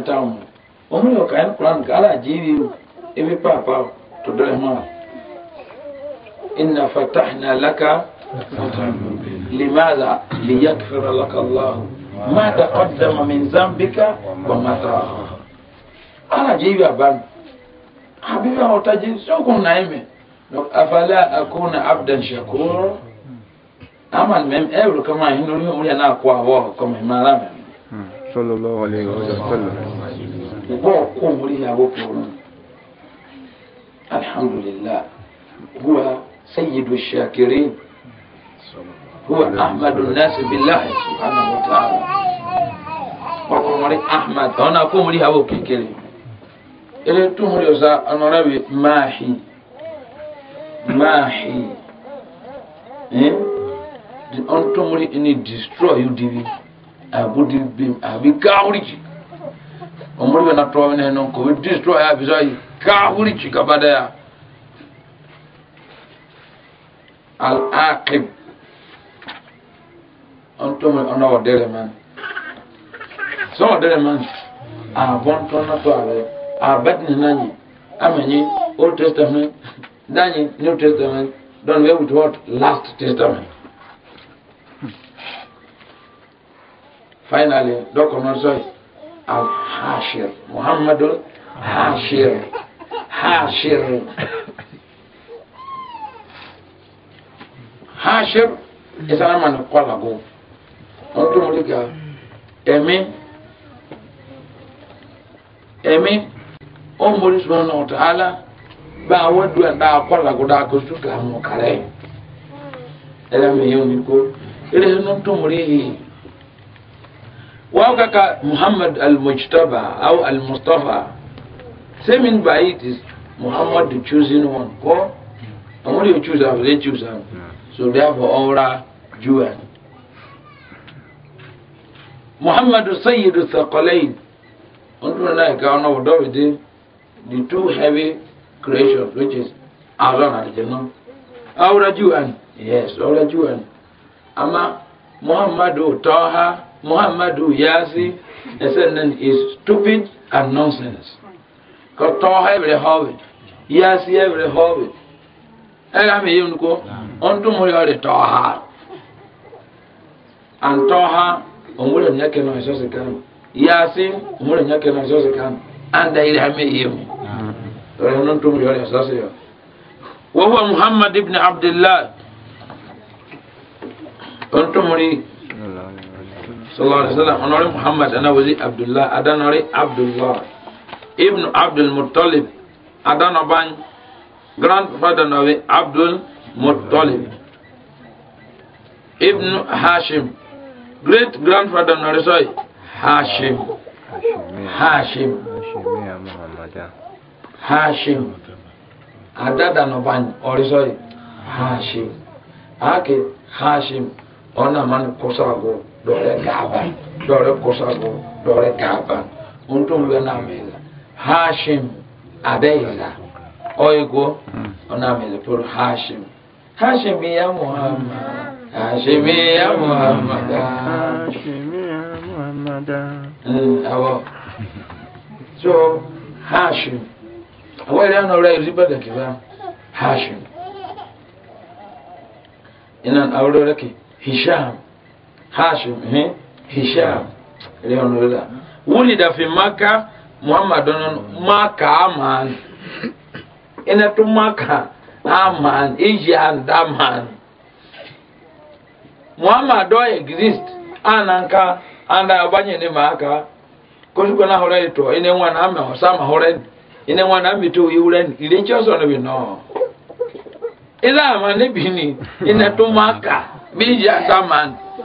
ká onu yo kayan kuran kala jini ibi papa to dole ma inna fatahna laka limadha liyakfira laka allah ma taqaddama min zambika wa ma ta'akhkhara ala jibi aban habibi hotaji sokun naime donc afala akuna abdan shakura amal mem ebru kama hinuri uri na kwa hmm, wa kama imara sallallahu alaihi wasallam gbọ́ kó wuli yàgò kúrò alhamdulilah huwa sayyidu shakirin huwa ahmadu nasi bilahi subhanahu wa ta'ala ọkùnrin ahmad ọ̀hún náà kó wuli yàgò kékeré eré túmùrì ọ̀sà ọ̀nàrẹ́bì máàhì máàhì ọ̀n túmùrì ẹni destroy you dibi àbúdí bim àbí gáwúrì jì omuli na tuwa wene no ko destroy ya bizai ka huli chika badaya al aqib onto me ona wadere man so wadere man a bon to na to ale a bad ni nani amenyi old testament nani new testament don we with what last testament finally document so أو حاشر محمد حاشر حاشر حاشر إذا ما نقول له أنتم لك أمين أمين أمور سبحانه وتعالى bá àwọn du ẹ̀ dáa kọ́ làgọ́dá agosu kà mọ̀ kàrẹ́ ẹ̀ ẹ̀ lẹ́mìí yẹn ò ní kó ẹ̀ lẹ́nu tó mọ̀ rí yìí wakaka muhammad al-mujtaba au al-mustafa semin by it is muhammad the chosen one ko and what do you choose am they choose am so therefore ọra juwan muhammad sayyidu thakalain ọdún náà ẹ̀ka ọ̀nà ọ̀dọ́ wìdí the two heavy creations which is azan àdìjẹ́nà ọra juwan yes ọra juwan ama muhammadu tọ́ha. Muhammadu Yasi Essendon is stupid and nonsense. Kọtọ́ every hobbit, Yasi every hobbit. Ẹ ká mi yé mi kó, ọ̀n tún mo yọ ọ́ de tọ́ ha. À ń Yasi, òun rẹ̀ nyẹ́ kẹ́nu ẹ̀ṣọ́ sí kánú. À ń da ilé àmì yé mi. Ọ̀rẹ́ ọ̀n tún mo Muhammad ibn Abdullah, Ọ̀n tún sallallahu alaihi wasallam onore muhammad anawazi abdullah adanore abdullah ibn abdul muttalib adanoban grandfather nowe abdul muttalib ibn hashim great grandfather nore soy hashim hashim hashim adadanoban orisoy hashim ake hashim ona man kusago dore kaaba dore kusago dore kaaba untum wenameza hashim abeiza oigo hmm. onameza por hashim hashim ya muhammad hashim ya muhammad hashim ya muhammad hmm, awo so hashim awele ano ra yuzibada kiza hashim inan awele rake hisham hashim eh? hisham leonola wulida fi maka muhammadun maka aman ina tu maka aman asian daman muhammad don exist ananka anda abanye ne maka kosuko na hore to ine wana ame osama hore ine wana ame to yuren ile choso no bino ila amane bini ina tu maka bija daman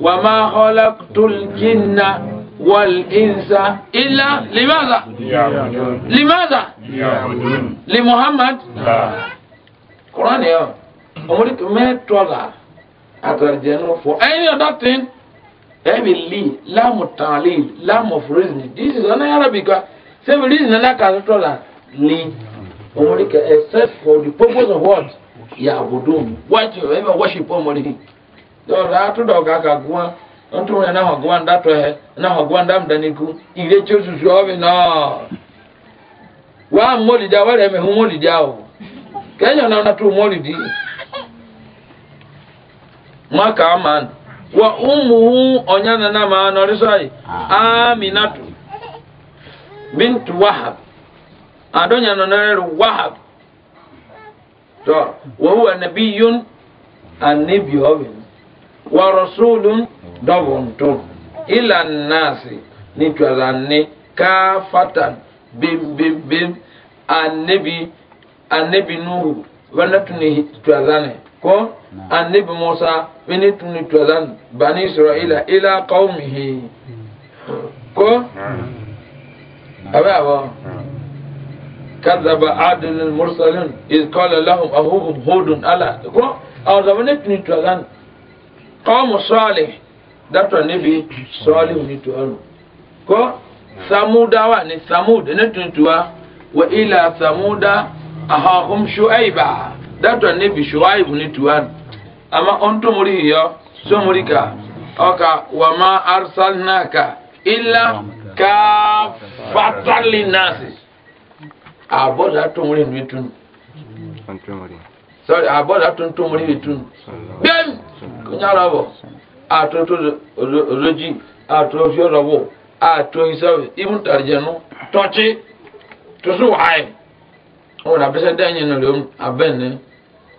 وما خلقت الجن والإنس إلا لماذا لماذا لمحمد قرآن يا أمريك ما تولى أترجمه for any other thing heavily لام التعليل لام of reason this is an Arabic same reason أنا as تولى لي أمريك except for the purpose of what يعبدون what you ever worship أمريك dɔw la ato dɔw ka ka guan ŋutu ŋun na hɔn guan da tɔ hɛ na hɔn guan da mu dani ku ire tso susu ɔbi nɔɔ wa mɔli da wɛrɛ mɛ hu mɔli da o kɛnyɛ na na to mɔli di ma ka man wa umuhu ɔnya nana ma nɔri sɔri aminatu bintu wahab adonya nɔnɔrɛ wahab tɔ wa huwa nabiyun anabi ɔbi. wa rasulun dɔbɔntɔ ila naasi ni tɔlanne kaafatan bembembem anabi anabi nuhu wɛna tuni tɔlanne ko anabi musa wɛna tuni tɔlanne bani israila ila qawmihi ko a bɛ a bɔ. كذب عاد المرسلين إذ قال لهم أخوهم هود ألا أو زمان نتني تلان qawmu salih datɔ ne bi sɔɔli ni tuwa no ko samuda wa ni samud ne tuntua wa ila samuda ahahum shu'aiba datɔ ne bi shu'aibu ni tuwa ama ontu to muri hiyo so muri ka oka wama ma arsalnaka illa kafatali nasi abo da to muri ni tun sorry abo da to muri ni tun bem nyarabo ato to roji ato fiorabo ato isabe ibun tochi to su hai o na bese da nyen no aben ne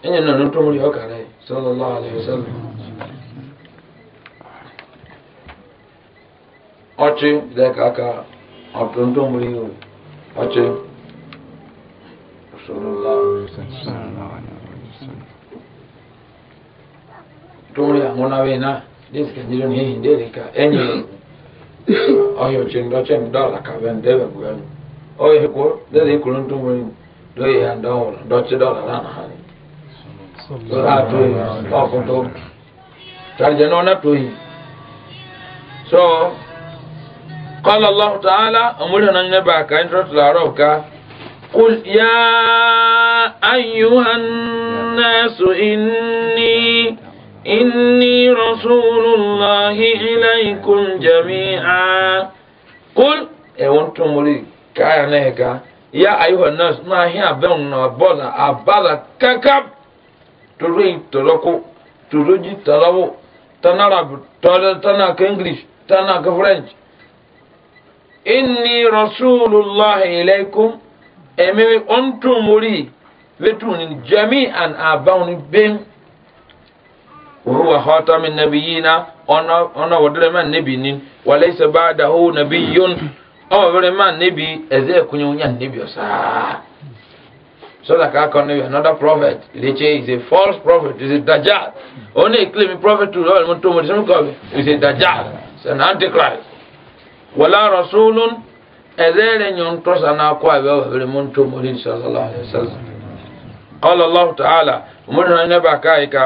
nyen no to muri okare sallallahu alaihi wasallam ochi de kaka tore amona vena des ke dilon he ka enye oyo chenga chen dala ka ben debe gwen oyo ko de de kulun tu mun do ya ndo do dala ran hani so ra tu o ko no na tu so قال الله تعالى أمرنا نبعك إن رسل قل يا أيها الناس إني إني رسول الله إليكم جميعا قل أنتم لي كأنك يا أيها الناس ما هي بنا بنا أبلا ككب تري تلقو ترجي تلو تنرب تنا كإنجليش تنا كفرنش إني رسول الله إليكم أمي أنتم لي بتون جميعا أبون بين وهو خاتم النبيين أنا أنا ودل من نبي وليس بعده نبي أو ودل من نبي إذا كن يوني النبي سا so that I can be another prophet leche is a false prophet is a dajjal only claim prophet to all mutu mutu ko is a dajjal is an antichrist wala rasulun ezere nyon to sana ko abe wele mutu mutu sallallahu alaihi wasallam qala allah ta'ala umurna nabaka ika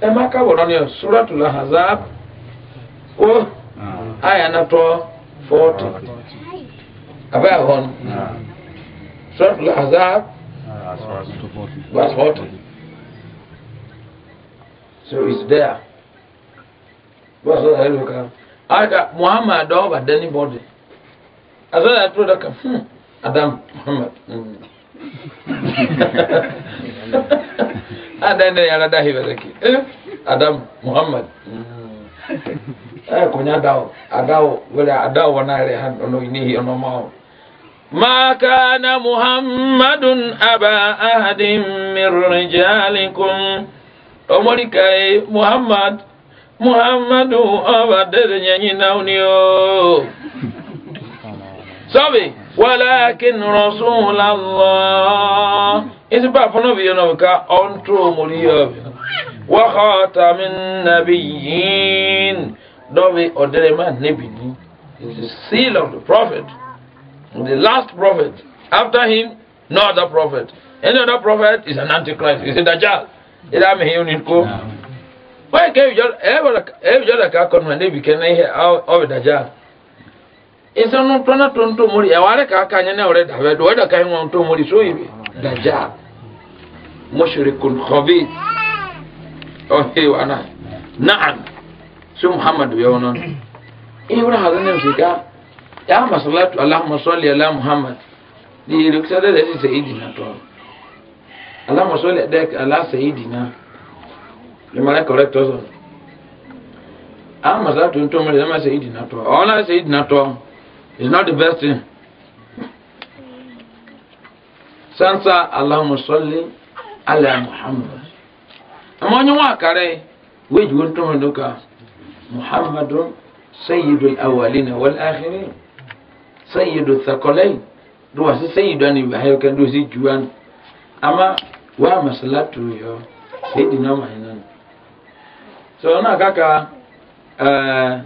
ẹ má kábọ̀ ah. náà ni ọ suratu lahazab ó àyànnàtọ̀ fọ́ọ̀tì abẹ́ àhọ́n suratu lahazab verse forty so it's there bọ́sọ̀ ọ̀sán ẹ̀rọ kan àgbà muhammad ọ̀bà dẹ́ni bọ́dì àtọ́jà tó dọ̀kà fún hmm, adam muhammad. <laughs> <laughs> ada ne yana dahi ba zaki adam muhammad mm. eh kunya dawo adawo wala adawo wana re han ono inihi ono mawo ما كان محمد أبا أحد من رجالكم أمريكا محمد محمد أبا درنيا نونيو سوي walakin rasulallah isi ba fana biyo na ka on tro muri yo wa khatamin nabiyyin dobi odere is the seal of the prophet the last prophet after him no other prophet any other prophet is an antichrist is a dajjal ila me hiyo ni ko wa ke yo e wala e yo da ka kon ma nabi ken of the dajjal isanu tona ton to muri aware ka ka nyane ore da be do da kai won to muri so ibe da ja mushrikun khabith o he wana na'am su muhammadu yawnan ibra hadan ne shika ya masallatu allahumma salli ala muhammad ni ruksa da da sayyidina to allahumma salli da ala sayyidina ni mara correct also amma ah, za tu to muri da ma sayyidina to ona sayyidina to It's not the best thing. Sansa Allahumma salli ala Muhammad. Amma onye nwa akara weji wo Muhammadu, duka Muhammadun sayyidul awwalin wal akhirin. Sayyidul thaqalain. Do wasi sayyidu ani ba hayo kan do si juwan. Ama wa masalatu yo sayyidina mainan. So na kaka eh uh,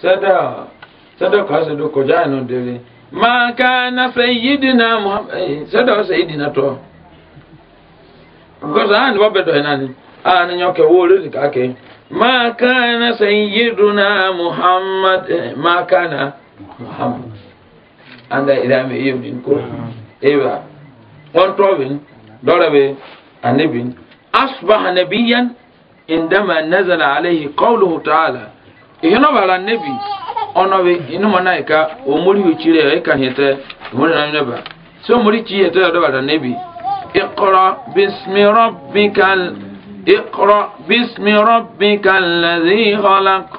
sada sadaka asadu koja no dere ma kana sayyidina muhammad eh, sadaka sayyidina to because an wa bedo enani an nyoke wo le ka ke ma kana sayyiduna muhammad eh, ma kana muhammad anda ida me yebdin ko uh-huh. ewa on tobin dorabe anibin asbaha nabiyan indama nazala alayhi qawluhu ta'ala ihno bala nabi ono inuma na ka o muri uchire e ka hete muri na neba so muri chi hete da da nebi اقرا باسم ربك ال... اقرا باسم ربك الذي خلق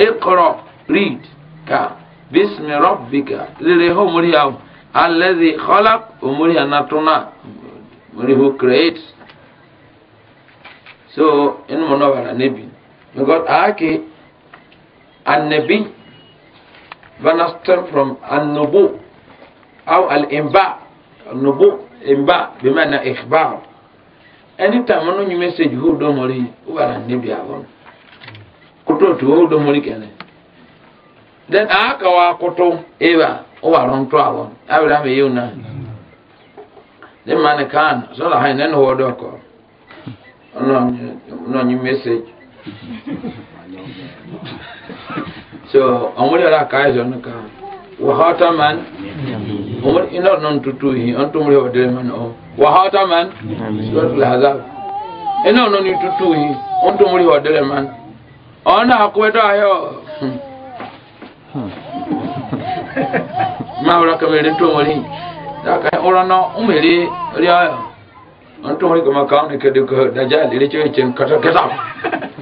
اقرا read ka باسم ربك لله muri au الذي خلق muri anatuna muri who creates so inuma na nebi because ake annabi ونستر from النبوء أو الإنباء النبوء إنباء بمعنى إخبار أني تامنو ني مسج هو دو مولي ولا نبي أبون كتو تو هو دو مولي كان then aka wa koto eba o wa ron to awon abira me yuna then man kan so la hainen ho do ko no so omuli ala kaizo naka wahata man omuli ina non tutuhi on tumuli wadele man o wahata man suratul hazab ina non tutuhi on tumuli wadele man ona hakweda ayo hmm. mawla kamere tumuli daka orana umeli riya on tumuli kama kaune kedu ko dajali lecho chen kata kata <laughs>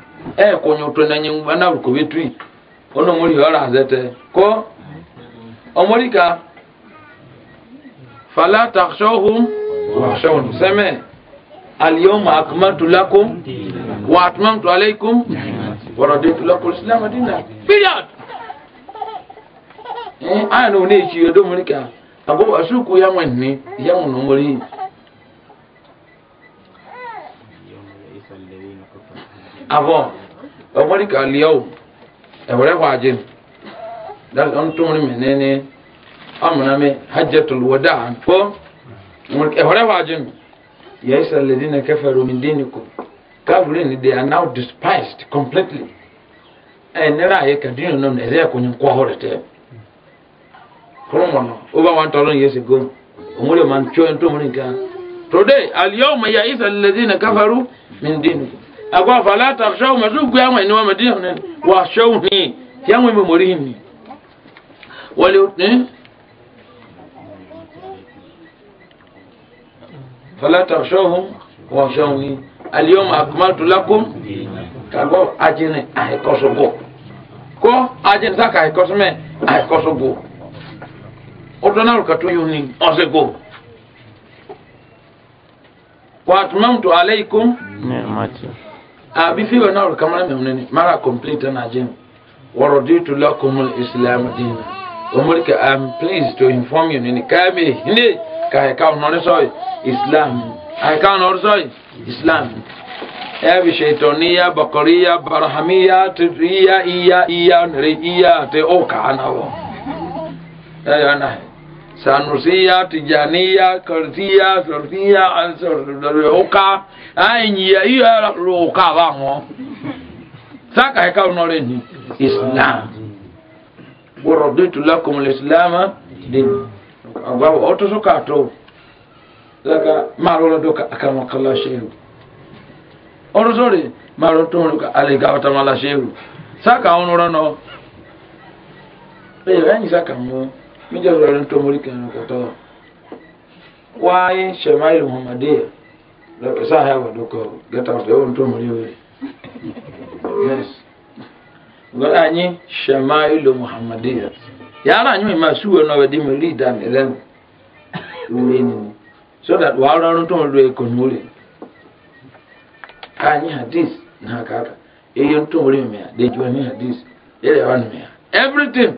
e konyoto na nyin bana ruko betui ono muri hora zete ko omorika fala takhshawhum wakhshawni seme اليوم أكملت لكم وأتممت عليكم ورضيت لكم الإسلام دينا بلاد أنا نيجي يدوم لك أقول أسوق يا مني يا من أمري avɔ ɔmɔdi ka lia o ɛwɛrɛ hɔ adi dali ɔntumri mi nini ɔmuna mi hajjatul wada kpɔ ɛwɛrɛ hɔ adi yaisa ledina kɛfɛro mi dini ko kafirin they are now despised completely ɛn e, nira ayɛ kadini nom na ɛdɛ ɛkɔnyi nkɔhɔrɔ tɛ kurumɔnɔ o ba wa ntɔlɔ yɛ sɛ gom ɔmɔdi ma ntɔ ntɔmri nka today aliyɔn ma yaisa ledina kɛfɛro mi dini ko agwa fala ta shaw ma su gwa mai nwa madina ne wa shaw ne ya mai mai mori ne wale ne eh? fala ta shaw wa shaw ne aliyom akmaltu lakum kago ajene ai kosogo ko ajene ta kai kosme ai kosogo odonal ka to yuni osego wa atmamtu alaikum ni'mati abi ah, fi wani aure kamar mai munani mara complete na jin wa raditu lakum al-islam dinan umurka i'm pleased to inform you ni ka me ni ka ka no so islam i ka no so islam ya bi shaytaniya bakariya barhamiya tiya iya iya iya te o ka na wo ya na sanusiya tijaniya kartiya sortiya ansoroka anyiya iyo roka ba ho saka ka unore ni islam wa ah. raditu lakum alislam din agwa oto soka to daga maro doka akama kala shehu oro sore maro to doka ale ga tamala shehu saka unoro no eh yani saka mo mijab da ran tomori kan ko to waye shamailu muhammadiya da sa ha wa doko gata da won tomori we yes ngara anyi shamailu muhammadiya yara anyi ma suwe no wedi mi lida mi len we ni so that wa ran tomori we ko nuri anyi hadith na kaka eyo tomori mi de jo ni hadith ele wan mi everything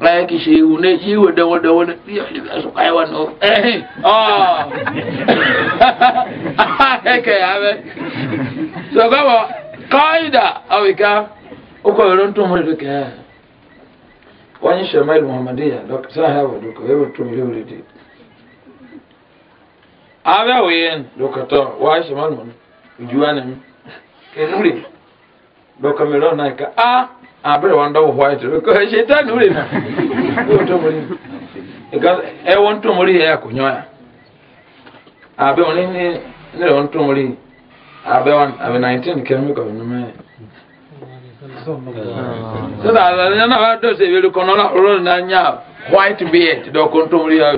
kaya ki shi ne shi wa da wada wani ya shi da su kai wannan eh oh heke ya be so gaba kaida awika uko ron to mo ke wani shamal muhammadiya dok sa ha wa dok wa to mi le de abe wen dok wa shamal mun juwana mi ke nuri dok mi ron na ka ah abere wanda wo white ko shetani ule na <laughs> woto muri ikaza e wonto muri ya ya, abe onini ne wonto muri abe wan abe 19 kemi ko nume so da na na wa do se bi on na ro na nya white beard do ko nto muri ya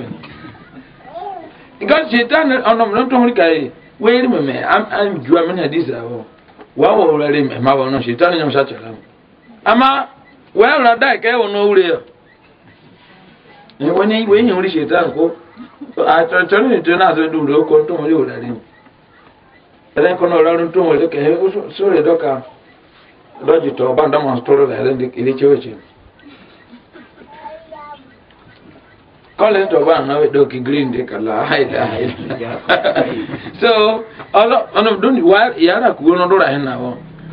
ikaza shetani ono nto muri kai weeri meme am am juwa mena disa wo wa wo rere me ma wo no shetani nyamsha chalamu ama wee lọ da ike wọn n'owurẹ yọ ẹwọn ni wọ́n yìí ń rí ṣètò àkó àtọ̀tọ̀ ní ètò náà tó dùn lóko tó wọn yóò rẹ̀ mu ẹ̀rẹ́ kọ́nà ọ̀rọ̀ tó wọn lókè ẹ̀ sórí dọ́ka lọ́jì tọ́ ọba ndọ́mọ̀ tọ́rọ̀ ẹ̀rẹ́ ilé tí ó ṣe. kọ́lẹ̀ tó ọba so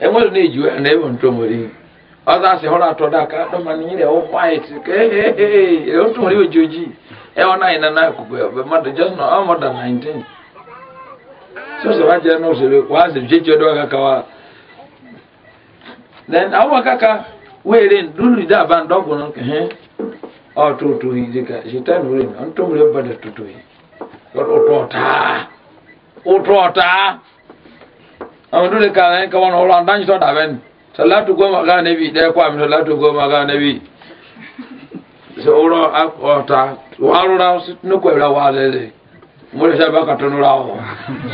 enwere na-eji ya na ewe ntomori ọzọ asị hụrụ atọ da aka dọ mana nyere ọ white ka ee ntomori oji oji ewe na anyị na akụkụ ya mmadụ just na ọ mọda 19 sọsọ ha jere n'usoro kwa azị jeji ọdụ ọga kawa then awụ akaka were duru ide aba ndị ọgwụ na ihe ọ tụtụ ihe ka shetan were ntomori ọbada tụtụ ụtụ ọta amadu ka ran ka wan horan dan so da ben salatu goma ga nabi da kwa mi salatu goma ga nabi so oro akota waru ra no ko ra wa le mo le ba ka tonu ra o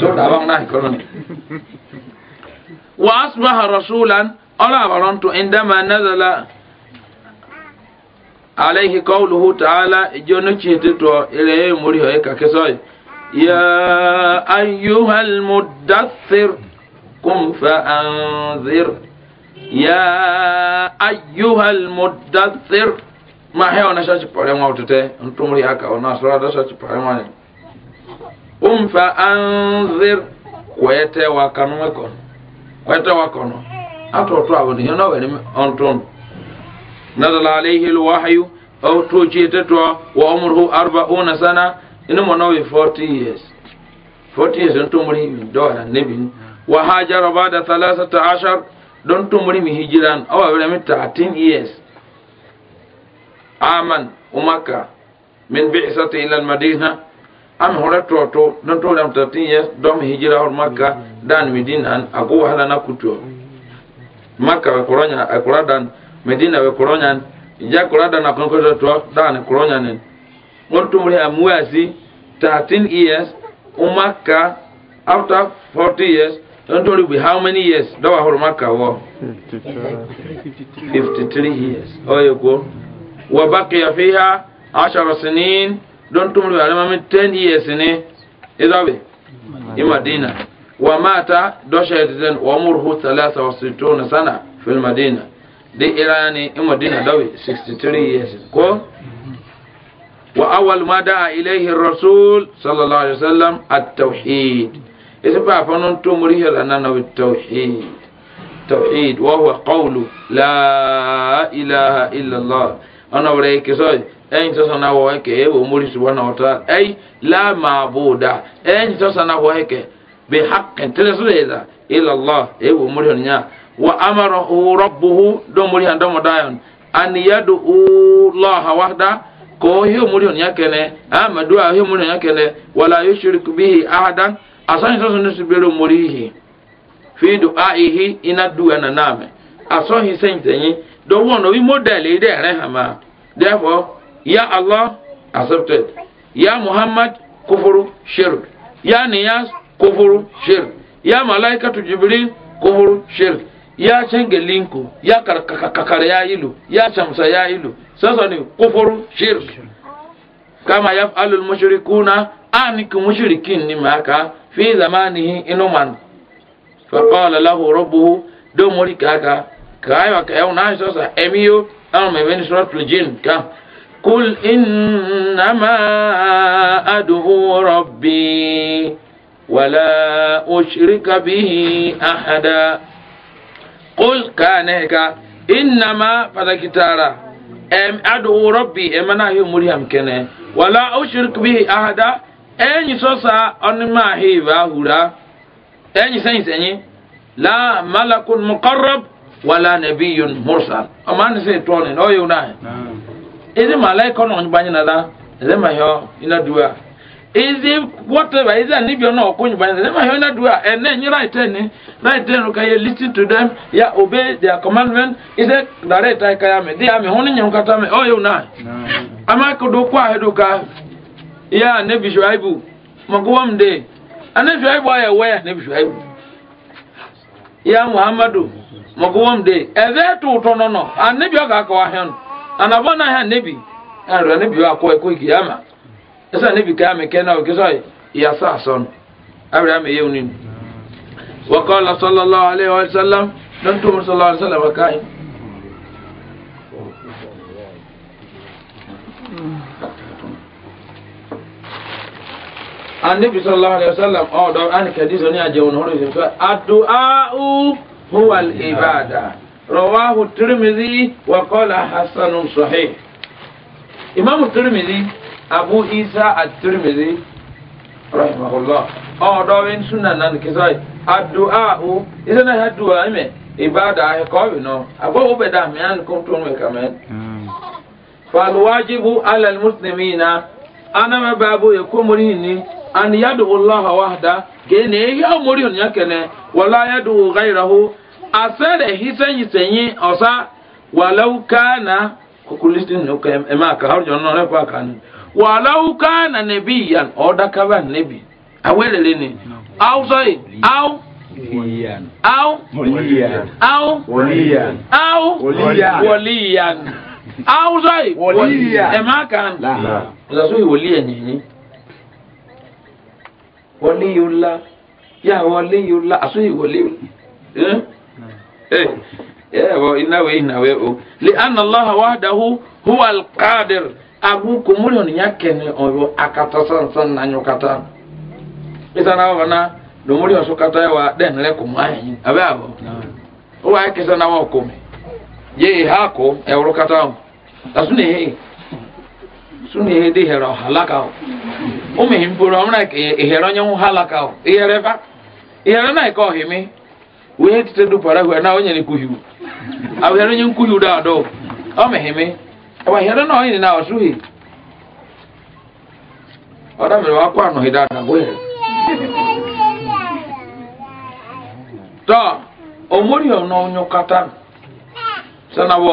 so da ba na ko non wa asbaha rasulan ala barantu indama nazala alayhi qawluhu ta'ala ijono chitito ile muri hoye ka kesoy ya ayyuhal mudaththir قم فأنذر يا أيها المدثر ما هي أنا شاش بعدين ما وتته أنتم رياك أو ناس رادا شاش بعدين ما قم فأنذر ويته وكانوا يكون ويته وكانوا أتوتوا أبني هنا وين أنتم نزل عليه الوحي أو توجيتتوا وعمره أربعون سنة إنما نوي 40 years 40 years أنتم رياك دوا نبي wa hajara ba'da thalathata ashar don tumuri mi hijiran awa wala mi 13 years aman umaka min bi'sati ila al-madina am hore toto don to lam 13 years don mi hijira hor makka dan medina ago wahala na kutuo makka wa koronya akura dan medina wa koronya ja kura dan akon ko to dan koronya ne on tumuri amuasi 13 years umaka after 40 years Don't worry with how many years? That was Hormaka war. 53 years. Oh, you go. وبقي فيها عشر سنين دون تمر على من 10 years ne إذا به المدينة ومات دوشة زن وعمره 63 سنة في المدينة دي إيراني المدينة دوي 63 years كو وأول ما دعا إليه الرسول صلى الله عليه وسلم التوحيد esi pa afɔnu to mori hɛ la nana bi tawhid tawhid wɔwɔ qawlu laa ilaha illallah ɔnɔ wɛrɛ kisɔ ɛyin tɔ sɔnna wɔ ɛkɛ ɛwɔ mori suba na ɔtɔ ɛyi laa maa b'o da ɛyin tɔ sɔnna wɔ ɛkɛ bi haqqin tɛnɛ sɔrɔ yɛ la illallah ɛwɔ mori hɛ nya wa amara rabbuhu dɔ mori hɛ dɔmɔ da yɛn aniyadu laha wahda ko hiyo mori hɛ nya kɛnɛ amadu a hiyo mori hɛ nya kɛnɛ wala yushriku bihi ahadan asan soso ne su bero morihi fi do aihi ina duwa na name aso hi sen tenyi do wono wi model e de re hama therefore ya allah accepted ya muhammad kufuru shirk ya niyas kufuru shirk ya malaikatu jibril kufuru shirk ya linku, ya kakakakare ya ilu ya shamsa ya ilu sasa ni kufuru shirk kama yafalu almushrikuna ani kumushrikin ni maka fi zamanihi inuman faqala lahu rabbuhu do mori kaka kayo kayo na so sa emiyo an me ben surat jin ka kul innama ad'u rabbi ولا أشرك به أحدا قل كانك إنما فذكتارا أم أدعو ربي أمنا يوم مريم كنه ولا أشرك به أحدا enyi sosa onima ahiva hura enyi senyi enyi, la malakun muqarrab wala nabiyun mursal amani se tone no yuna izi malaika na la, nada izi mahyo ina dua izi whatever izi na la, okunyibanye izi mahyo ina dua and e then you right then right then ka you listen to them ya obey their commandment izi direct ka ya me dia me honi nyukata me naa ama kudu kwa ahụ heduka ya anabi shuaibu makuwa mde anabi shuaibu aya waya anabi ibu ya muhammadu makuwa mde eze tu tono no anabi aka ka wa hen anabo na hen nabi ara anabi wa ko ko kiyama esa anabi ka me kena o kiso ya sa son abra wa sallam dan tu sallallahu wa sallam النبي صلى الله عليه وسلم او دور ان كديز ني اجون هو الدعاء هو العباده رواه الترمذي وقال حسن صحيح امام الترمذي ابو عيسى الترمذي رحمه الله او دور ان سنن ان كزاي الدعاء اذا نه الدعاء ما عباده هي قوي نو ابو عبيده من كنتم كمان فالواجب على المسلمين انا ما بابو يكون مريني an yadu Allah wahda gene ya muri on yakene wala yadu ghayrahu asere hisenyi senyi osa walau kana kukulistin no kem har kan walau kana nabiyan oda nabi awelele ni au sai au au au waliyullah ya waliyullah asui waliyu eh eh wa inawe inawe o li anna allah wahdahu huwa alqadir agu kumuri on nyakene oyo akata san san na nyukata isana wana do muri on sukata wa den le kumai abe abo o wa kesa na wa kumi ye hako e urukata suna ihe dị ihere ọhalaka o ụmụ ihe mpụrụ ọmụra ka ihere onye nwụ halaka o ihere fa ihere na ike ọhịmị wee tite dupara hwe na onye na-ekwughị nkwuhi u ahụhere onye nkwuhi udo adọ ọmịhịmị ewa ihere na onye na ọsụghị ọda mere wakwa anụghị dada gwehere tọ omori ọnụ onye kata sanabọ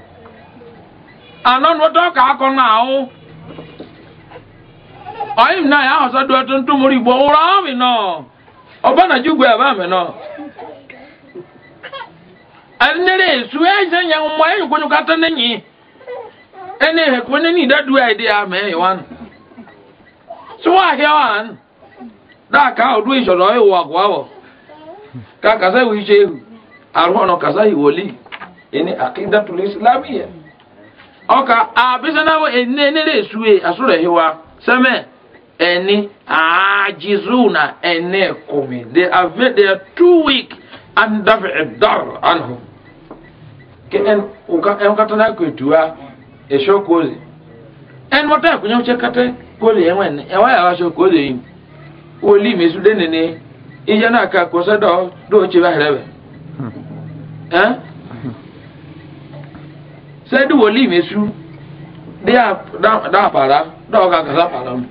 anọnụ dọka akọ na ahụ ọyịm na ya ahọsa e, du etu ntụ igbo ụra ọmị nọ ọba na jugwe ebe amị nọ ẹnere esu ẹsẹ yẹn mọ ẹyìn kúnyù kátà nẹyìn ẹnẹ ẹkọ nẹni ìdádúró ẹdí àmì ẹyìn wọn tí wọn àhẹ wọn dáàka ọdún ìṣọdọ ẹwọ àgùwà wọ ká kásá ìwé iṣẹ ehu àrùn ọ̀nà kásá ìwọlé ẹni àkíndàtúrú islámì yẹn. ọka abisanawo enenere esue asọrọ ehiwa sẹmẹ ẹni ajizuna ẹni kumi they are de they are too ẹdar e, anhu ke ẹn nka ẹn na kò etuwa esọ kóòzì ẹn wọta ẹkùnyẹ ọkyẹ kata kóòzì ẹn wẹn ẹwà yà wá sọ yìí wọlé mi sùn dé nìní náà ká sẹ́dí wòlíì mẹ́sù dé àpàrà dọ́ọ̀ka kàkà pàrà mu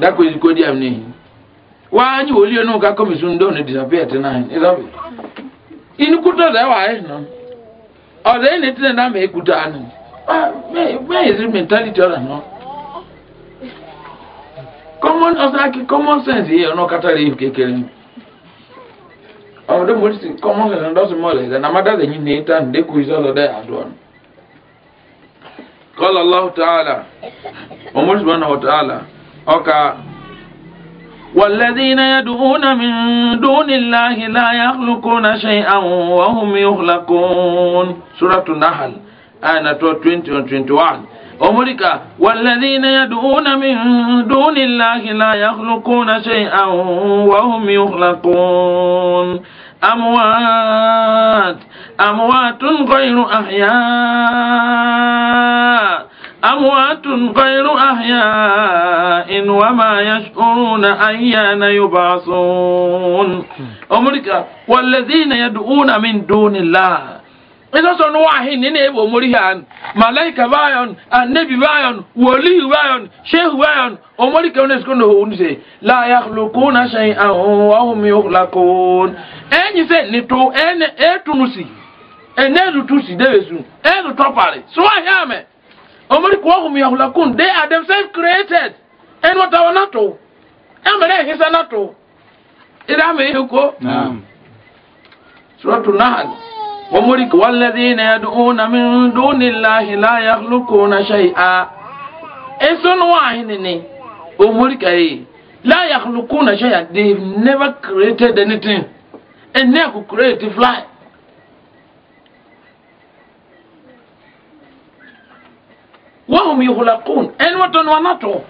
dákò ìsìkò díẹ̀ mi nìyí wọ́n á ní wòlíì onú kakọ́ mẹ́sù ndó na disappear tẹ́ náà ní sọ́ọ̀bì inú kútó ọ̀dà wà ayé nù ọ̀dà yìí ní tí nàá mentality ọ̀dà nù common common sense yìí ọ̀nà kátàrí yìí mo ti common sense قال الله تعالى ومش سبحانه وتعالى أوكا والذين يدعون من دون الله لا يخلقون شيئا وهم يخلقون سورة النحل آية 20 و 21 أمريكا والذين يدعون من دون الله لا يخلقون شيئا وهم يخلقون أموات أموات غير أحياء أموات غير أحياء وما يشعرون أيان يبعثون أمريكا والذين يدعون من دون الله إذا صنوا حين نبو مريان ملايكة بايون النبي بايون ولي بايون شيخ بايون أمريكا ونسكنه ونسي لا يخلقون شيئا وهم يخلقون أين سنتو أين أتنسي ɛnɛɛdu tu si debe sun ɛɛdu tɔpari suwa hɛmɛ omori kuwa hum yahulakun they are themselves created ɛnu ɔtawa nato ɛmɛrɛ ɛhisa nato ɛdá mi yi ko. suratu nahal omori kuwa lɛdina yaduuna min duni lahi la yahlukuna shay'a esonu wahinini omori kayi la yahlukuna shay'a they never created anything ɛnɛ ko create fly. wahum yughlaqun en waton wanato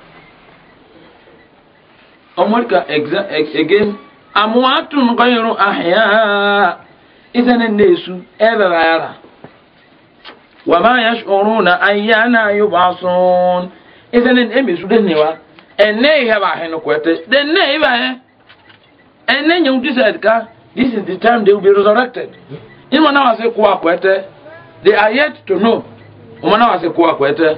omolka again amwatun ghayru ahya idan annesu ebara wama yash'uruna ayyana yub'asun idan en emisu denwa enne ya ba hen kwete denne iba he enne nyuti said ka this is the time they will be resurrected in wana wase kwa kwete they are yet to know umana wase kuwa kwete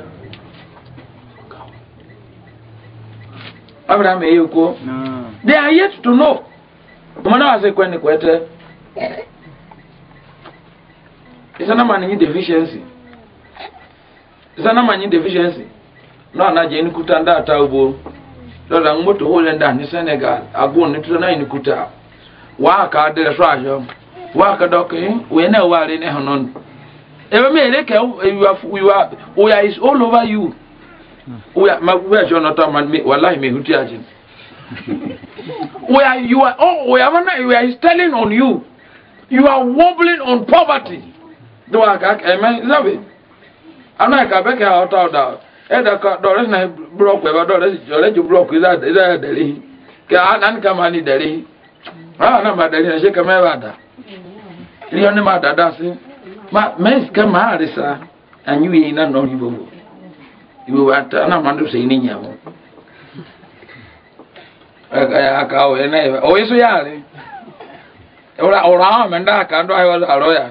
abraham eye uko no. they are yet to know na wase kweni kwete isana manyi deficiency isana manyi deficiency no anaje ni kutanda ata ubo lola ngoto hole nda ni senegal agun ni tuna ni kuta wa ka de so ajo wa ka doke we na wa re ne honon ebe mi ere ke you are you are we are is all over you hmm. we are ma we are sure not man me wallahi me huti ajin we are you are oh, telling on you you are wobbling on poverty do aka amen love it ana ka be ka out out ẹ̀dà kan dọ̀rẹ́ náà búrọ́kù ẹ̀bá dọ̀rẹ́ sì jọ̀rẹ́ ju búrọ́kù ìdáyà dẹ̀rẹ́ yìí kí àná ní ká máa ní dẹ̀rẹ́ yìí báwa náà máa dẹ̀rẹ́ yìí ṣé kẹ́mẹ́ bá dà ilé ọ́nì máa dà dá sí. ma mes kama arisa anyuye ina no ibobo ibobo ata na mandu se ini nyamo aka aka o ene o yesu yale ora ora menda aka ndo ayo aro ya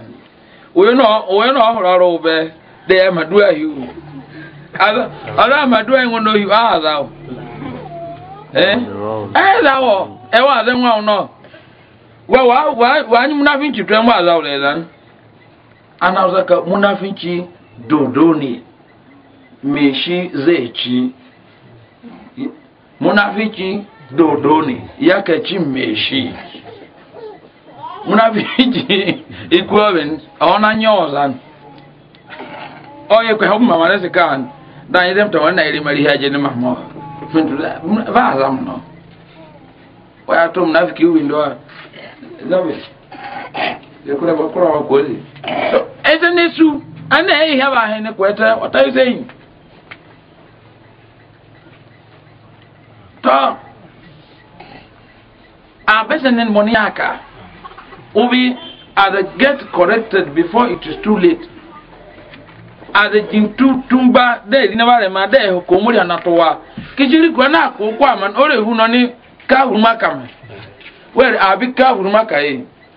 oyo no oyo no ora ro be de madu ayu ada ada madu ayu ngono yu ada o eh eh dawo e wa de nwa uno wa wa wa anyu na fi nchitwe mwa ada o le dan ana zaka munafici dodo ne me shi zai ci munafici dodo ne ya ka ci me shi munafici ikuwabin a oye kwa hapu mamare kan dan yi zemta na iri mari haje ni mahmo ba a zam no waya to munafiki uwi eze n'esu a na-eyi ha bụ ahụ ne kweta ọta eze a person in money aka obi as a get corrected before it is too late as a jin tu tumba de ni ba re ma de ko muri anatowa kijiri kwa na ko kwa man ore hu no ni ka huruma kam we abi ka huruma ka yi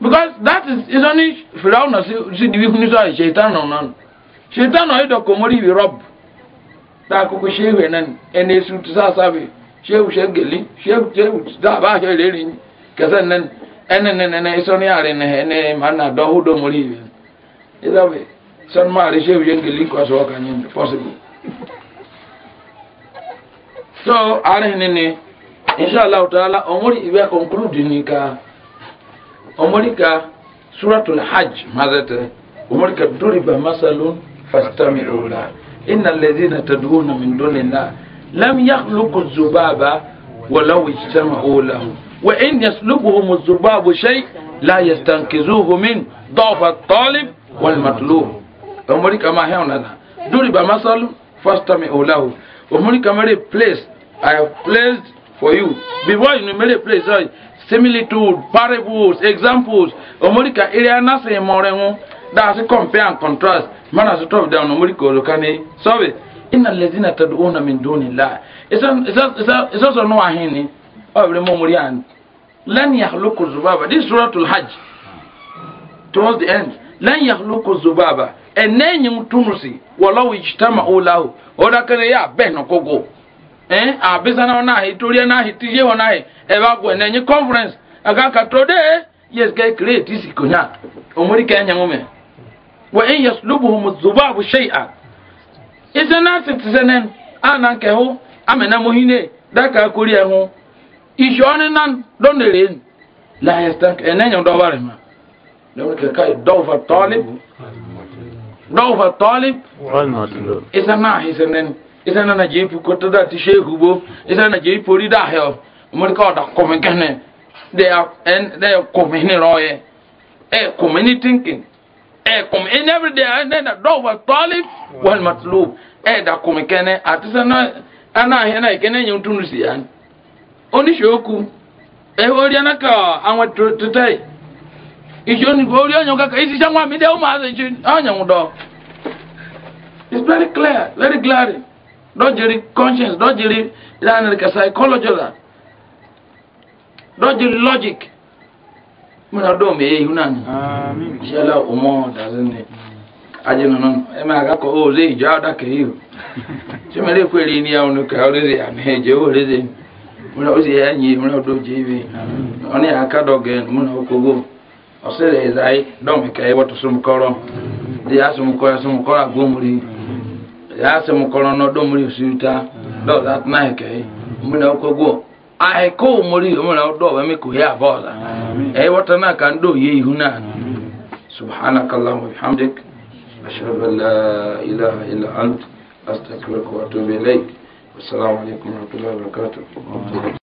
because that is is only firawo na si di wiku niso ayi shaitan na ọna shaitan na ido komori ibi rob ta akoko shehu enan ẹni esu tusa asabi shehu geli shehu shehu tusa aba ahyẹ ìlérí ni kẹsẹ nnan ẹni nẹnẹnẹ iso ni ari ni hẹ ẹni ma na dọ ọhụrụ domori ibi idabe sọni ma ari shehu geli nkọ so ọka nye possible so ari ne ni inshallah taala ọmọri ibi conclude ni ka. omorika suratul hajj mazete omorika duriba masalun fastami'u la inna alladhina tad'una min dunillah lam yakhluqu dhubaba walau ijtama'u lahu wa in yaslubuhum adh-dhubabu shay la yastankizuhu min ضعف الطالب والمطلوب omorika ma hewna na duriba masalun fastami'u lahu omorika mare place i have placed for you before you made a place right similitude parables examples omorika ire anase more hu that's compare and contrast man as top down omorika olokani sobe inna allazina tad'una min dunillah isa isa isa isa so no ahini obre mo mori an lan yakhluqu zubaba this suratul hajj towards the end lan yakhluqu zubaba enenyi mutunusi walau ijtama'u lahu odakare ya beno kogo eh abisa ah, na na hitoria na hitiye ona he eba gwe na nyi conference aga ka today yes ga create isi kunya omuri ka nya ngome wa in yaslubuhum adh-dhubabu shay'an isana titsenen ana nke ho amena mohine daka kuri ehu don nan donere la yastak enenyo dobare ma lawla ka kai dawfa talib dawfa talib wal matlub isana hisenen isa na na jepu da ti shehu bo isa na je pori da hel mo ka da ko men kene they are and they are ko men roye e ko thinking e ko men every day and then wal e da ko men kene atisa na ana he na e kene nyu tunu si an oni shoku e na ka anwa tutai ijo ni hori ka isi changwa mi de o ma ze anya It's very clear, very glaring. jiri conscience don jiri ka psychology la jiri logic muna do e, me yehi hunan inshallah umo dazini aje nonon ema aga ko o ijo ada ke yo se me le kweli ni ya onu ka a ya me je o re ze muna o se ya nyi muna do je bi oni aka do gen muna o se le zai do me ka e wato sum koro di asum ko asum ko yaase mu kɔlɔn nɔ dɔn muri suruta ta tena yi kɛ mu na ko go ahe ko muri mu na dɔw bɛ mi ko he a bɔ la ɛyɛ wɔtɔ na kan do ye ihu na subhanaka allah wa bihamdik ashhadu an la ilaha illa ant astaghfiruka wa atubu ilayk wassalamu alaikum wa